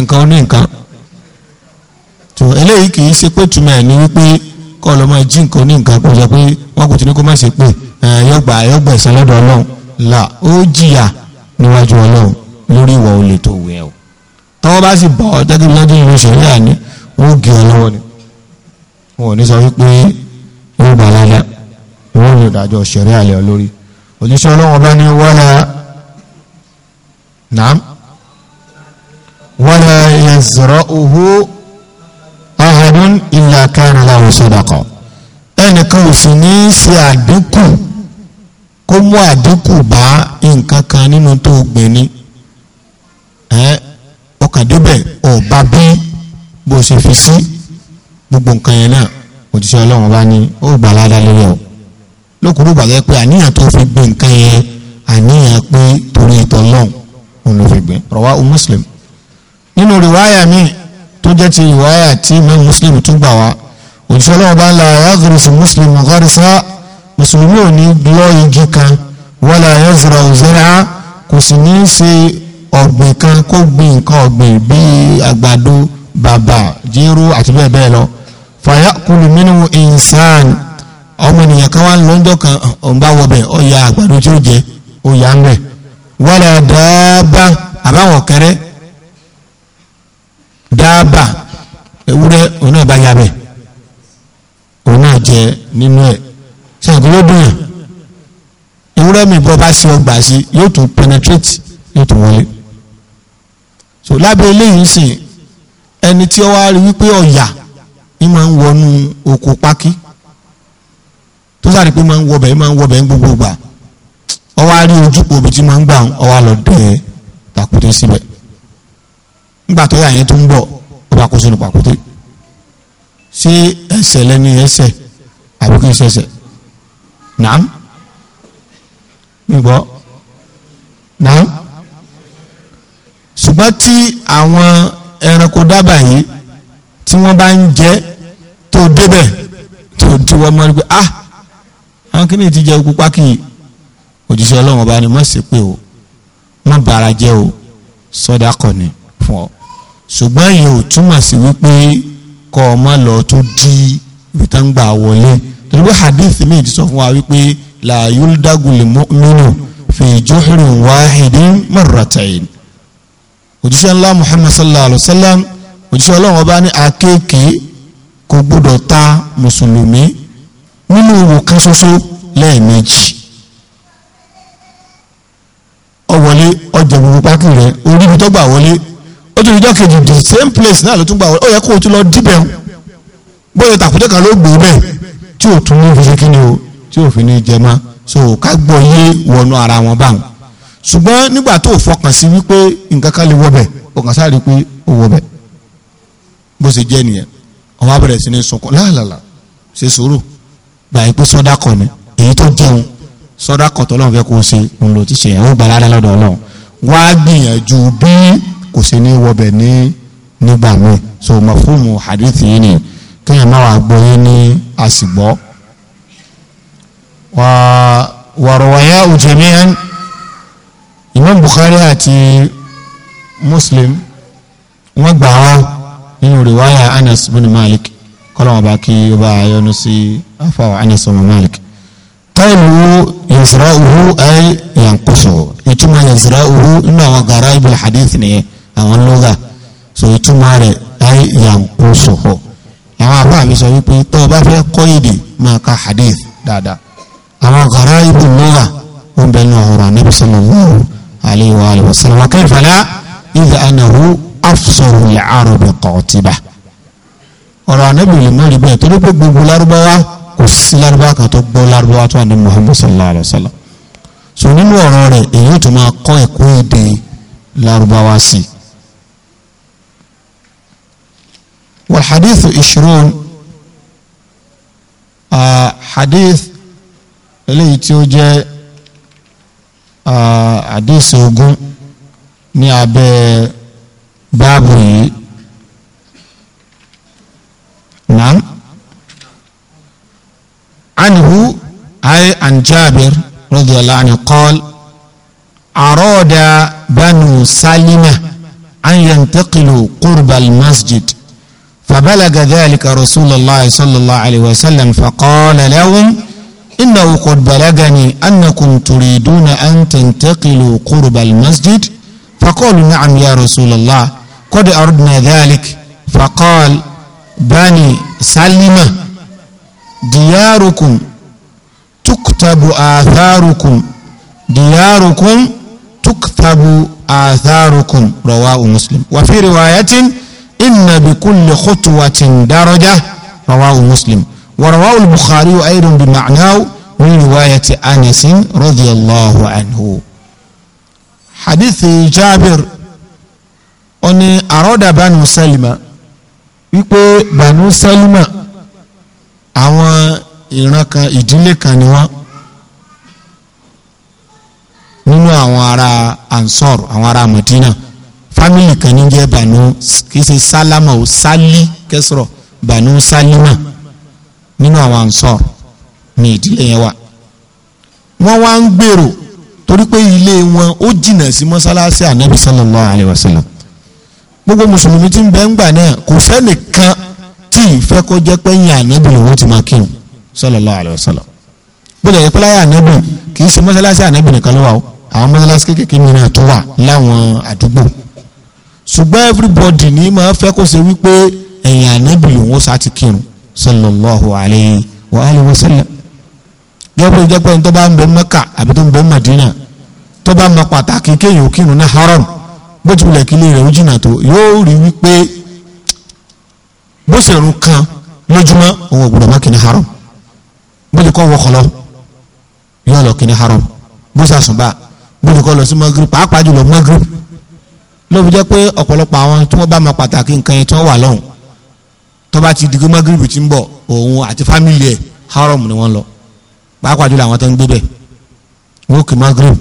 nǹkan ní nǹkan tó eléyìí kì í ṣe pé túmọ̀ ẹ̀ ní wípé kọ́ ló máa jí nǹkan ní nǹkan kó jẹ pé wọ́n kò ti ní kó má ṣe pé yọgbà yọgbà ẹ̀san lọ́dọ̀ ọlọ́run là ó jìyà níwájú ọlọ́run lórí ìwà olè tó wù ẹ́ tọ́wọ́ bá sì bọ̀ ọ́ jẹ́gẹ́ bí lọ́dún ìlú ṣẹ̀ríà ni wọ́n gé ọ lọ́wọ́ ni wọn ní sọ wípé wọ́n gbà lálẹ́ wọ́n ní ìdájọ́ ṣẹ̀ríà lé ọ lórí òjíṣẹ́ ọlọ́run bá ní wọ́lá nàám wọ́lá yẹn ahadun illa kana lahu sadaqa ẹnìkan ò sì ní í ṣe àdínkù kó mú àdínkù bá nǹkan kan nínú tó gbìn ní ọkàn débẹ̀ ọba bí bó ṣe fi sí gbogbo nǹkan yẹn náà òjíṣẹ́ ọlọ́run bá ní ó gbà ládàá lórí ọ lókùrú gbàgbé pé àníyàn tó fi gbé nǹkan yẹn àníyàn pé torí ìtọ́ lọ́hùn òun ló fi gbé rawahu Muslim nínú rìwáyà míì tó jẹ́ ti ìwáyà tí imam muslim tún gbà wá òjíṣẹ́ ọlọ́run bá ń la ayáàgùrùsì muslim ọ̀gárísá mùsùlùmí ò ní lọ́ igi kan wọ́lá ayáàzùrà òzẹ́rà kò sì ní í ṣe ọ̀gbìn kan kó gbin nǹkan ọ̀gbìn bíi àgbàdo bàbà jéró àti bẹ́ẹ̀ bẹ́ẹ̀ lọ fàyà kùlù mínú ìnsán ọmọ ènìyàn kan wá ń lọ́jọ́ kan ọ̀nba wọbẹ̀ ọ̀ya àgbàdo tí ó jẹ òyà ń bẹ̀ wọ́lá dáàbà àbáwọ̀ kẹrẹ́ daaba ewúrẹ́ òun náà bá ya bẹ̀ òun náà jẹ nínú ẹ̀ ṣe ìgbìmọ̀ dùn yàn ewúrẹ́ mi bọ́ bá sí ọgbà sí yóò tún penetrate yóò tún wọlé so lábẹ́ eléyìí sìn ẹni tí ó wá rí wípé ọ̀yà ni máa ń wọnú oko pákí tó sáré pé máa ń wọbẹ̀ máa ń wọbẹ̀ ń gbogbo gbà ó wá rí ojúpọ̀ òbí tí máa ń gbà ó wá lọ dẹ̀ ẹ́ takùtẹ́ nígbà tó yà yẹn tó ń bọ̀ ó bá kó sínú pàkúté ṣé ẹsẹ̀ lẹ́ni ẹsẹ̀ àbí kí n ṣẹṣẹ̀ nàám nígbọ́ nàám ṣùgbọ́n tí àwọn ẹranko dábàá yìí tí wọ́n bá ń jẹ tó débẹ̀ tó tí mọ́ pé ah àwọn kí ni ti jẹ pupa kì í òjíṣẹ́ ọlọ́run ọba ni mọ̀ sí pé o mọ̀ bàrà jẹ́ o sọ́dà kọ̀ ni fún ọ ṣùgbọ́n ìyẹn ò túmọ̀ sí wípé kọ́ ọ má lọ tó di ibi tá ń gbà wọlé torí pé hadith mi ti sọ fún wa wípé la yuldagu lil mu'minu fi juhrin wahidin marratayn òjíṣẹ́ ńlá muhammad sallallahu alayhi wa sallam òjíṣẹ́ ọlọ́run ọba ní akéèké kò gbọ́dọ̀ ta mùsùlùmí nínú òwò kan ṣoṣo lẹ́ẹ̀mejì ó wọlé ó gbogbo pákí rẹ̀ orí ibi tó gbà wọlé ó tún ìjọ kejì the same place náà ló tún gbà wọlé ó yẹ kó o tún lọ díbẹ̀ bóyá tàkúté kan ló gbé bẹ́ẹ̀ tí ò tún ní fi kíni o tí ò fi ní jẹ má so ká gbọ́ yé wọnú ara wọn báwọn ṣùgbọ́n nígbà tó fọkàn sí wípé nǹkan kan lè wọbẹ̀ ọkàn sáré pé ó wọbẹ̀ bó ṣe jẹ́ nìyẹn ọmọ abẹ̀rẹ̀ sí ní sunkún láàlàlà ṣe sòrò gbàyè pé sọ́dá kọ̀ ni èyí tó jẹun sọ́dá kọ̀ tọ́lọ́run fẹ́ kó o ṣe òun ló ti ṣe yẹn ó gbà ládàá lọ́dọ̀ ọlọ́run wá gbìyànjú bí kò sí ní wọbẹ̀ ní nígbà míì so mafhumu hadith yìí ni kéèyàn má wàá gbọ́ yín ní àsìgbọ́. wàrọ̀wáyà jami'an imam bukhari àti muslim wọ́n gbà wọ́n nínú riwaya anas bin malik kọ́lọ́mọ̀ bá kí ó bá sí afáwọ̀ anas bin malik. قالوا يزرعه أي ينقصه يتم يزرعه إنه غرائب الحديث نيه àwọn lọ́gà so ìtumọ̀ rẹ̀ láì yàǹkó sọ̀kọ̀ àwọn àbá mi sọ wípé tó o bá fẹ́ kọ́ èdè máa ka hadith dáadáa àwọn ọ̀gára ibù lọ́gà ó ń bẹ ní ọ̀rọ̀ ànábi sallallahu alayhi wa alayhi wa sallam akẹ́fẹ̀lá ìdá anahu afsaru lè arọ̀bì kọ̀ọ̀tìbà ọ̀rọ̀ ànábi lè má bẹ́ẹ̀ torí pé gbogbo lárúbáwá kò sí lárúbáwá kan tó gbọ́ lárúbáwá tó ànábi muhammad sallallahu alayhi wa sallam so nínú ọ̀rọ̀ rẹ̀ èyí tó máa kọ́ ẹ̀kọ́ èdè lárúbáwá sí i والحديث عشرون آه، حديث اللي يتوجه آه، حديث وقوم نعب بابوي نعم عنه أي عن جابر رضي الله عنه قال أراد بنو سالمة أن ينتقلوا قرب المسجد فبلغ ذلك رسول الله صلى الله عليه وسلم فقال لهم إنه قد بلغني أنكم تريدون أن تنتقلوا قرب المسجد فقالوا نعم يا رسول الله قد أردنا ذلك فقال بني سلمة دياركم تكتب آثاركم دياركم تكتب آثاركم رواه مسلم وفي رواية inna bi kulli khutuwatin daraja rawahu muslim wa rawahu al-bukhari wa aydan bi ma'nahu min riwayati anas radiyallahu anhu hadithi jabir oni aroda banu salima wípé banu salima àwọn ìran kan ìdílé kan ni wọ́n nínú àwọn ará ansor àwọn ará madina family kan ní jẹ́ banu kì í ṣe sálámà o sálí kẹsọ̀rọ̀ banu Salima nínú àwọn ansọ́r ní ìdílé yẹn wa wọ́n wá ń gbèrò torí pé ilé wọn ó jìnnà sí mọ́sálásí ànábi sallallahu alayhi wa sallam gbogbo mùsùlùmí tí ń bẹ ń gbà náà kò sẹ́nìkan tí ìfẹ́ kó jẹ́ pé yín ànábi lòun ti máa kírun sallallahu alayhi wa sallam bóyá ìpínlẹ̀ ayé ànábi kì í ṣe mọ́sálásí ànábi nìkan ló wà o àwọn mọ́sálásí kékeré mìíràn tó wà láwọn àdúgbò ṣùgbọ́n everybody ní máa fẹ́ kó ṣe wípé ẹ̀yìn ànábì lòun ó sáti kírun sallallahu alayhi wa alihi wa sallam. gẹ́gẹ́ bí jẹ́pẹ́ tó bá ń bẹ Mẹ́kà àbí tó ń bẹ Madina tó bá mọ pàtàkì kéèyàn ó kírun ní haram bó ti wulẹ̀ kílé rẹ̀ ó jìnnà tó yóò rí wípé bó ṣe rún kan lójúmọ́ òun ò gbọdọ̀ má kí ni haram bó ti kọ́ wọkọ̀ lọ yóò lọ kí ni haram bó ṣàṣùbà bó ti kọ́ lọ sí magrib pàápàá jùlọ magrib ló fi jẹ́ pé ọ̀pọ̀lọpọ̀ àwọn tí wọ́n bá máa pàtàkì nǹkan yẹn tí wọ́n wà lọ́hùn tó bá ti dìgbò magrebi ti ń bọ̀ òun àti fámìlì ẹ̀ haram ni wọ́n lọ pàápàá jùlọ àwọn tó ń gbé bẹ̀ wọ́n kì magrebi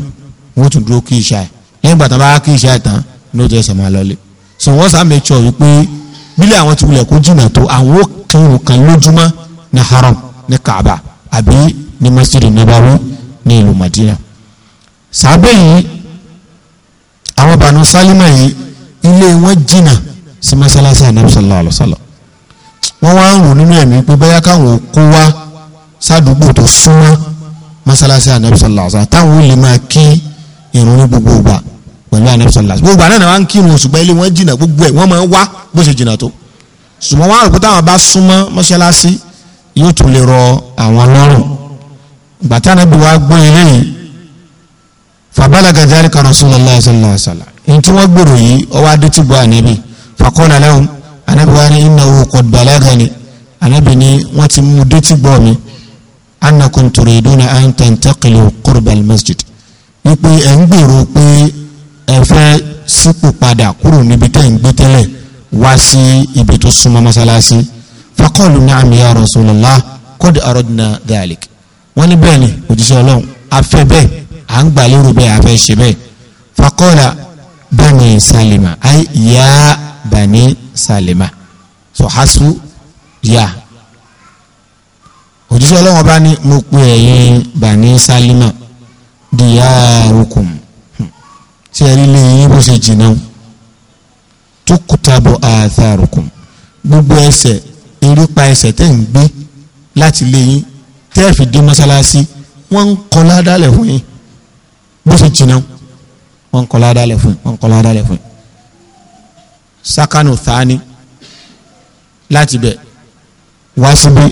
wọ́n tún dúró kí ìṣá ẹ̀ lẹ́yìn ìgbà tán bá kí ìṣá ẹ̀ tán ní ó jẹ́ ẹsẹ̀ máa lọlé so wọ́n sá make wípé bílẹ̀ àwọn ti wulẹ̀ kó jìnnà tó àwọn kan ò kan haram ní kaaba àbí ní masjid nabawi ní ìlú madina àwọn bànú sálímà yìí ilé wọn jìnnà sí mọ́sálásí ànábì sallallahu alaihi wasallam wọ́n wá ń rò nínú ẹ̀mí pé bóyá káwọn kó wá sádùúgbò tó súnmọ́ mọ́sálásí ànábì sallallahu alaihi wasallam táwọn ò lè máa kí ìrun ní gbogbo ìgbà pẹ̀lú ànábì sallallahu alaihi wasallam gbogbo àná náà wá ń kírun ṣùgbọ́n ilé wọn jìnnà gbogbo ẹ̀ wọ́n máa ń wá bó ṣe jìnnà tó ṣùgbọ́n wọ́n á fàbálàgà dhalika rasulullah sallallahu alaihi wasallam ní tí wọ́n gbèrò yìí ọwọ́ adé ti gbọ́ ànábì faqala lahum ànábì wa ní innahu qad balagani ànábì ní wọ́n ti mú dé ti gbọ́ mi annakum turiduna an tantaqilu qurba al-masjid wípé ẹ̀ ń gbèrò pé ẹ fẹ́ sípò padà kúrò níbi tẹ́ ń gbé tẹ́lẹ̀ wá sí ibi tó súnmọ́ mọ́sálásí faqalu na'am ya rasulullah qad aradna dhalik wọ́n ní bẹ́ẹ̀ ni òjíṣẹ́ ọlọ́run afẹ́ bẹ́ẹ̀ à ń gbà lérò bẹ́ẹ̀ a fẹ́ ṣe bẹ́ẹ̀ fakọ́lá bani salima ayi ya bani salima sọ̀hásù ya òjíṣẹ́ ọlọ́wọ́n bá ní mo pe ẹ̀yin bani salima diyarukum tí hmm. ẹ rí lé yín bó ṣe jìnnà tukutabu atharukum gbogbo ẹsẹ̀ erépa ẹsẹ̀ tẹ́ ń gbé láti lé yín tẹ́ẹ̀fì dé mọ́sálásí wọ́n ń kọ́ ládàlẹ̀ fún yín bó ṣe jìnnà wọn kọ́ ládàá lẹ̀ fún wọn kọ́ ládàá lẹ̀ fún sakanu thani láti bẹ̀ wá síbi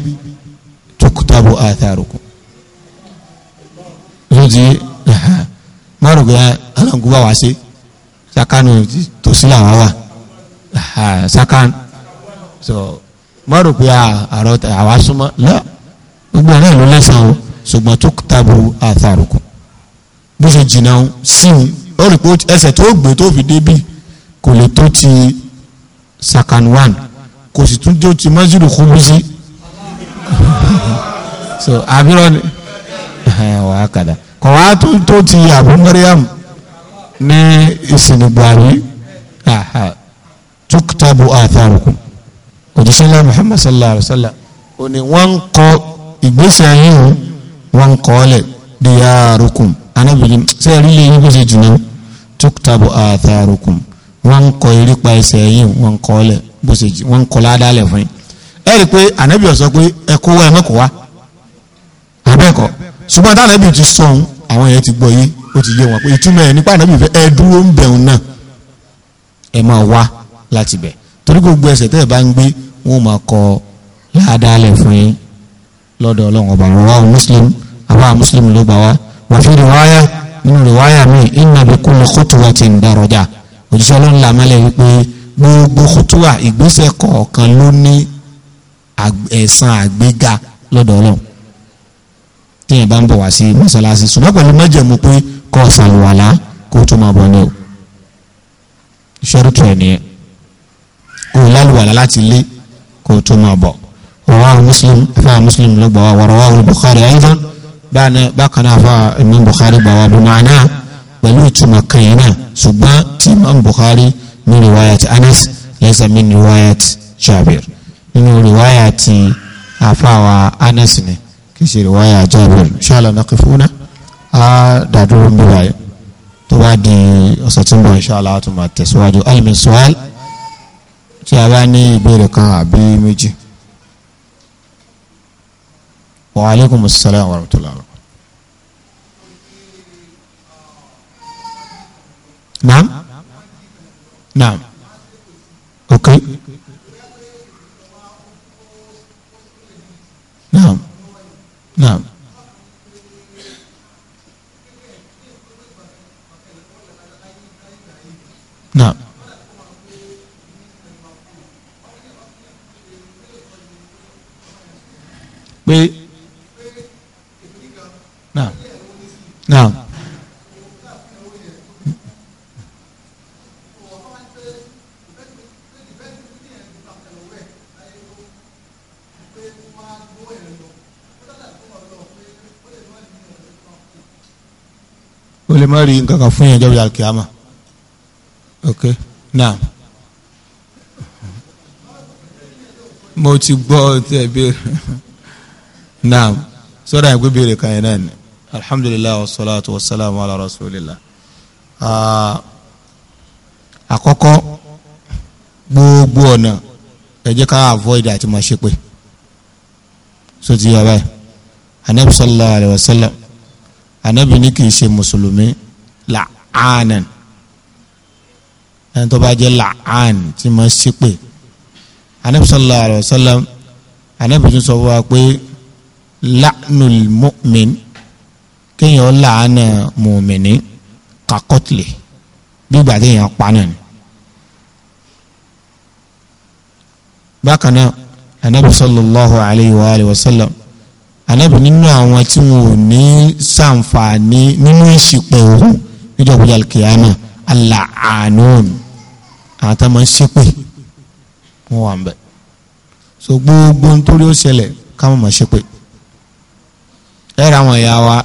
tukutabu atharukum lóde márùn gbé alanguba wá sakanu tòsí làwọn sakan so márùn gbé àrọ àwa súnmọ́ lọ gbogbo ẹ̀ náà ló lẹ́sàn o ṣùgbọ́n tukutabu atharukum bó ṣe jìnnà síhun ó rí pé ẹsẹ̀ tó gbé tó fi débì kò lè tó ti sakan one kò sì tún tó ti mọ́sílù kúbísí so abirọ ni wàá kàdà kò wá tó tó ti Abu Maryam ní ìsìnìgbàrí tuktabu atharukum òjíṣẹ́ náà Muhammad sallallahu alayhi wa sallam ó ní wọ́n ń kọ ìgbésẹ̀ yìí wọ́n ń kọ́ ọ́ lẹ̀ diyarukum anábìyí ṣé ẹ rí ilé yín bó ṣe jù náà tuktabu atharukum wọ́n ń kọ erípa ẹsẹ̀ yìí wọ́n ń kọ́ lẹ̀ bó ṣe jù wọ́n ń kọ́ ládàálẹ̀ fún yín ẹ rí i pé anábìyí sọ pé ẹ kó wa ẹ mẹ́kọ̀ọ́ wá abẹ́kọ̀ ṣùgbọ́n táwọn anábìyí ti sọ ohun àwọn yẹn ti gbọ́ yé ó ti yé wọn pé ìtumọ̀ ẹ̀ nípa anábìyí fẹ́ ẹ dúró ń bẹ̀rù náà ẹ máa wá láti bẹ̀ torí gbogbo ẹsẹ̀ tẹ́ ẹ bá ń gbé wọn máa kọ ládàálẹ̀ fún yín lọ́dọ̀ ọlọ́run ọba àwọn muslim àwa muslim ló gbà wá wàfi rìwáyà nínú rìwáyà mi inna bi kulli khutuwatin daraja òjíṣẹ́ ló ń la mẹ́lẹ̀ wípé gbogbo kútúwà ìgbésẹ̀ kọ̀ọ̀kan ló ní ẹ̀san àgbéga lọ́dọ̀ ọlọ́run téèyàn bá ń bọ̀ wá sí mọ́sálásí ṣùgbọ́n pẹ̀lú mẹ́jẹ̀mú pé kọ́ ṣàlùwàlá kó tó máa bọ̀ ní o ìṣòro tó ẹ̀ nìyẹn kó o lálùwàlá láti lé kó tó máa bọ̀ ọ̀wá muslim afẹ́ muslim ló gbọ́ wọ́rọ̀ wá olùbọ̀kárẹ̀ ayélujára bákan náà fa Imam Bukhari gbà wá bùnàánà pẹ̀lú ìtumọ̀ kan yìí náà ṣùgbọ́n tí Imam Bukhari ní riwayat Anas laysa min riwayat Jabir nínú riwayat àfàwà Anas ni kì í ṣe riwayat Jabir inshallah naqifuna á dàdúró ń bí wáyé tó bá di ọ̀sẹ̀ tó ń bọ̀ inshallah á tún máa tẹ̀síwájú tí a bá ní ìbéèrè kan àbí méjì. وعليكم السلام ورحمة الله وبركاته نعم نعم اوكي نعم نعم نعم بي má rí nǹkan kan fún yẹn jọ́bi alkiyama ok now mo ti gbọ́ tẹ béèrè now sọ́dọ̀ àìgbé béèrè kan yẹn náà ni alhamdulilayi wa salatu wa salamu ala rasulillah àkọ́kọ́ gbogbo ọ̀nà ẹ jẹ́ ká avoid àti máa ṣépè sotí yaba anabi sallallahu alayhi wa sallam anabi ni kì í ṣe mùsùlùmí la'anan ẹni tó bá jẹ́ la'an tí ma ṣépè anabi sallallahu alayhi wa sallam anabi tún sọ fún wa pé la'nul mu'min kéèyàn la'ana mu'mini kakotile bí gbà kéèyàn pa náà ni. bákan náà anabi sallallahu alayhi nínú àwọn tí wọn ò ní ṣàǹfààní nínú ìṣìpẹ̀ òun níjọ́ wíyà kìámà alàánún àwọn tá a máa ń ṣépè wọn wà ń bẹ so gbogbo nítorí ó ṣẹlẹ̀ ká má máa ṣépè ẹ ra àwọn ìyá wa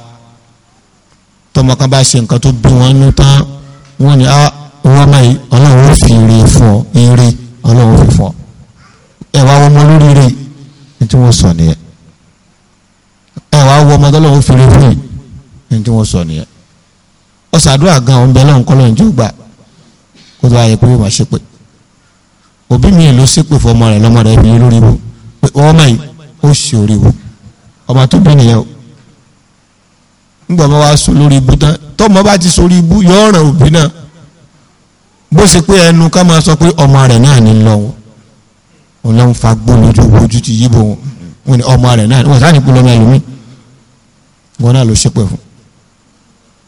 tọmọ kan bá ṣe nǹkan tó bí wọn nú tán wọn ni ah, wọn máa yí ọlọ́run ó fi ire fún ọ ire ó fi fún ẹ wá wọmọ lórí rẹ ní tí wọn sọ nìyẹn ẹ wá wọmọ tọ́lọ́run ó fi ire fún yìí ní tí wọn sọ nìyẹn. ọ̀sàdúrà gan ọ̀n bẹ́ẹ̀ lọ́n kọ́lọ́n gbà kó tó ayẹ pé máa ṣépè òbí mi ló ṣépè fọmọ rẹ̀ rẹ bíi lórí pé ọmọ yìí ó ṣe orí ọmọ tó bí nìyẹn o lórí ibú tán bá ti lórí ibú ṣe pé ẹnu ká máa sọ pé ọmọ náà ní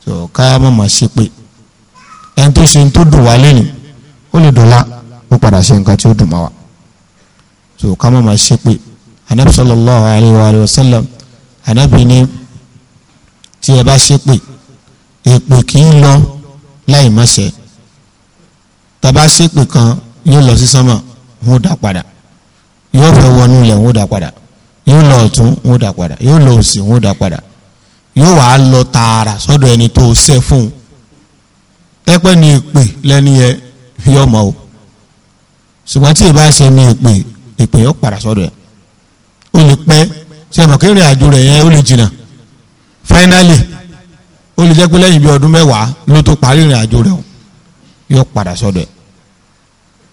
so ká má má ṣe pé ẹni tó ṣe tó dùn wá lẹ́nu ó lè dọ̀la ó padà ṣe nǹkan tí ó dùn má wa so ká má má ṣe pé anabi sallallahu alayhi wa sallam anabi ni tí ẹ bá ṣe pé èpè kì í lọ láì má ṣe tàbá ṣe pé kan yóò lọ sí sánmà wọn ò dá padà yóò fẹ́ wọnú ilẹ̀ wọn ò dá padà yóò lọ ọ̀tún wọn ò dá padà yóò lọ òsì wọn ò dá padà yóò wá lọ tààrà sọ́dọ̀ ẹni tó ṣẹ́ fún un ni ìpè lẹ́ni yẹ yọmọ o ṣùgbọ́n tí ìbá ṣe ni ìpè ìpè yóò padà sọ́dọ̀ ẹ̀ ó lè pẹ́ ṣe mọ̀ kí ìrìn àjò rẹ̀ yẹn ó lè jìnnà finally ó lè jẹ́ pé lẹ́yìn bí ọdún mẹ́wàá ló tó parí ìrìn àjò rẹ̀ o yóò padà sọ́dọ̀ ẹ̀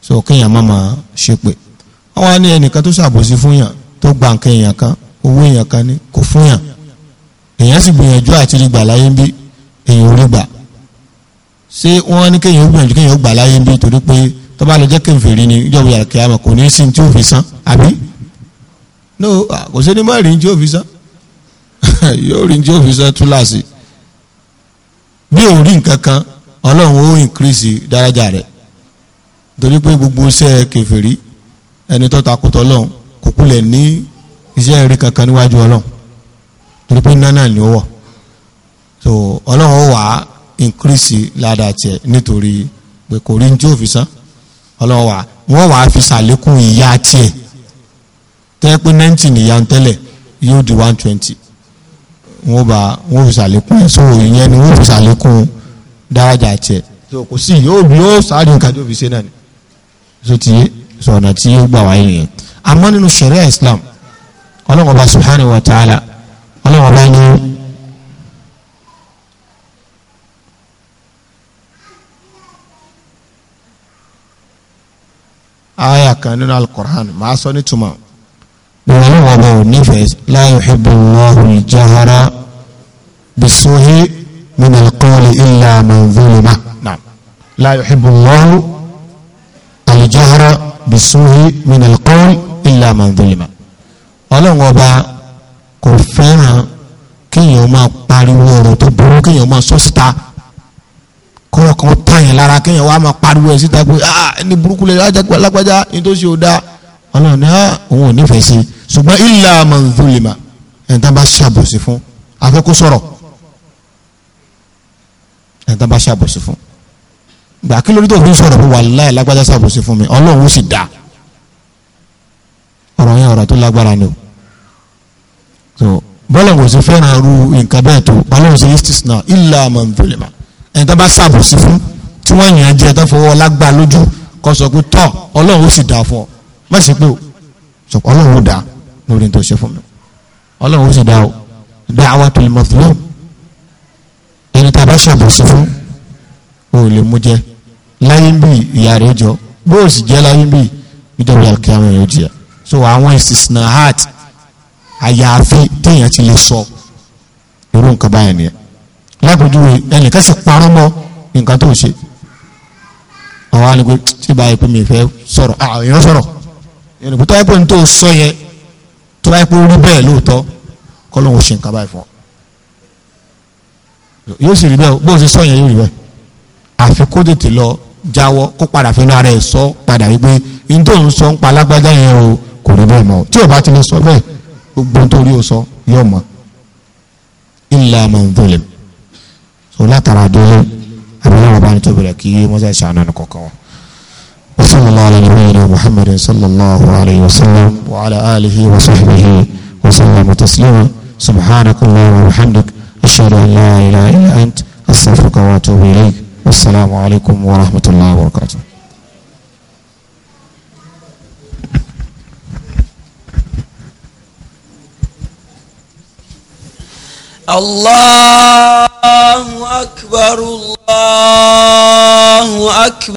so kéèyàn má máa ṣépè wọ́n wá ní ẹnìkan tó ṣàbòsí fún yàn tó gba nǹkan èèyàn kan owó èèyàn kan ní kò fún yàn èèyàn sì gbìyànjú àti rí gbà láyé ń bí èèyàn ò rí gbà ṣé wọ́n ní kéèyàn ó gbìyànjú kéèyàn ó gbà láyé ń bí torí pé tó bá lọ jẹ́ kèfèrí ni ìjọba yàrá kìá kò ní sí tí ó fi san àbí no kò sí ní má rí tí ó fi san yóò rí tí ó fi san túláàsì bí ò rí nǹkan kan ọlọ́run ó increase dárájà rẹ̀ torí pé gbogbo iṣẹ́ kèfèrí ẹni tó takùtọ̀ ọlọ́run kò kulẹ̀ ní iṣẹ́ rí kankan níwájú ọlọ́run torí pé nánà ni ó wọ̀ so ọlọ́run ó wà á increase ládàá tiẹ̀ nítorí pé kò rí ní tí ó fi san ọlọ́run wà wọ́n wà fi ṣàlékún ìyá tiẹ̀ tẹ́ pé ninety nìyá ń tẹ́lẹ̀ yóò di one twenty wọ́n bá wọ́n fi ṣàlékún ẹ̀ so ìyẹn ni wọ́n fi ṣàlékún dáradà tiẹ̀ so kò sí yóò yóò sáré nǹkan tó fi ṣe náà ni so ti sọ̀nà tí yóò gbà wáyé yẹn àmọ́ nínú ṣẹ̀ríà Islam ọlọ́run ọba subhanahu wa ta'ala ọlọ́wọ́n bá ní. aya kan nínú alukur'an màá sọ ní tuma. ọlọ́wọ́n bá ò nífẹ̀ẹ́ la yuhibbu Allahu al-jahra bis-su'i min al-qawli illa man zulima. la yuhibbu Allahu al-jahra bis bá kò fẹ́ràn kéèyàn máa pariwo ọ̀rọ̀ tó burú kéèyàn máa sọ síta kọ́rọ̀ kan tààyàn lára kéèyàn wá máa pariwo ẹ̀ síta pé ah ẹni burúkú lè lájàgbá lágbájá ní tó ṣe ò dáa ọlọ́run ní ah òun ò nífẹ̀ẹ́ sí i ṣùgbọ́n illa man zulima ẹni tán bá ṣàbòsí fún afẹ́kú sọ̀rọ̀ ẹni tán bá ṣàbòsí fún gbà kí lórí tó fi ń sọ̀rọ̀ pé wallahi lágbájá ṣàbòsí fún mi ọlọ́run ó sì dáa ọ̀rọ̀ yẹn ọ̀rọ̀ tó lágbára ni o so bọ́lá kò sí fẹ́ràn aru nǹkan bẹ́ẹ̀ tó bọ́lá kò sí istisna illa man zulima ẹni tó bá ṣàbòsí fún tí wọ́n yàn án jẹ tó fọwọ́ lágbá lójú kó sọ pé tọ́ ọlọ́run ó sì dà fún ọ má sì pé o sọ pé ọlọ́run ó dà lórí tó ṣe fún mi ọlọ́run ó sì dà o da'watul mazlum ẹni tá a bá ṣàbòsí fún o lè mú jẹ láyé bí ìyá rẹ jọ bó o sì jẹ láyé bí ìjọba ìyá kí àyàfi téèyàn ti lè sọ irú nǹkan báyẹn ni. lápèjúwe ẹnìkan sì parọ́ mọ́ nǹkan tó ṣe àwọn àlùkò tí báyìí pé mi fẹ́ sọ̀rọ̀ àwọn èèyàn sọ̀rọ̀ ẹnìkú tó báyìí pé n tó sọ yẹn tó báyìí pé ó rí bẹ́ẹ̀ lóòótọ́ kọ́ ló ń ṣe nǹkan báyìí fún ọ yóò sì rí bẹ́ẹ̀ bó o ṣe sọ yẹn yóò rí bẹ́ẹ̀ àfi kó tètè lọ jáwọ́ kó padà fún ara ẹ̀ sọ padà wípé n tó ń sọ ń pa alágbájá yẹn o kò rí bẹ́ẹ̀ mọ́ tí o bá ti lè sọ bẹ́ẹ̀ gbogbo nítorí o sọ yóò mọ illa man zulim so látara dúró àbúrò bàbá ní tóbi rẹ kí mọ́sá ìṣàánú ní kọ̀ọ̀kan wọn. وصلى الله على نبينا محمد صلى الله عليه وسلم وعلى آله وصحبه وسلم تسليما سبحانك اللهم وبحمدك أشهد أن لا إله إلا أنت أستغفرك وأتوب إليك والسلام عليكم ورحمة الله وبركاته الله أكبر الله أكبر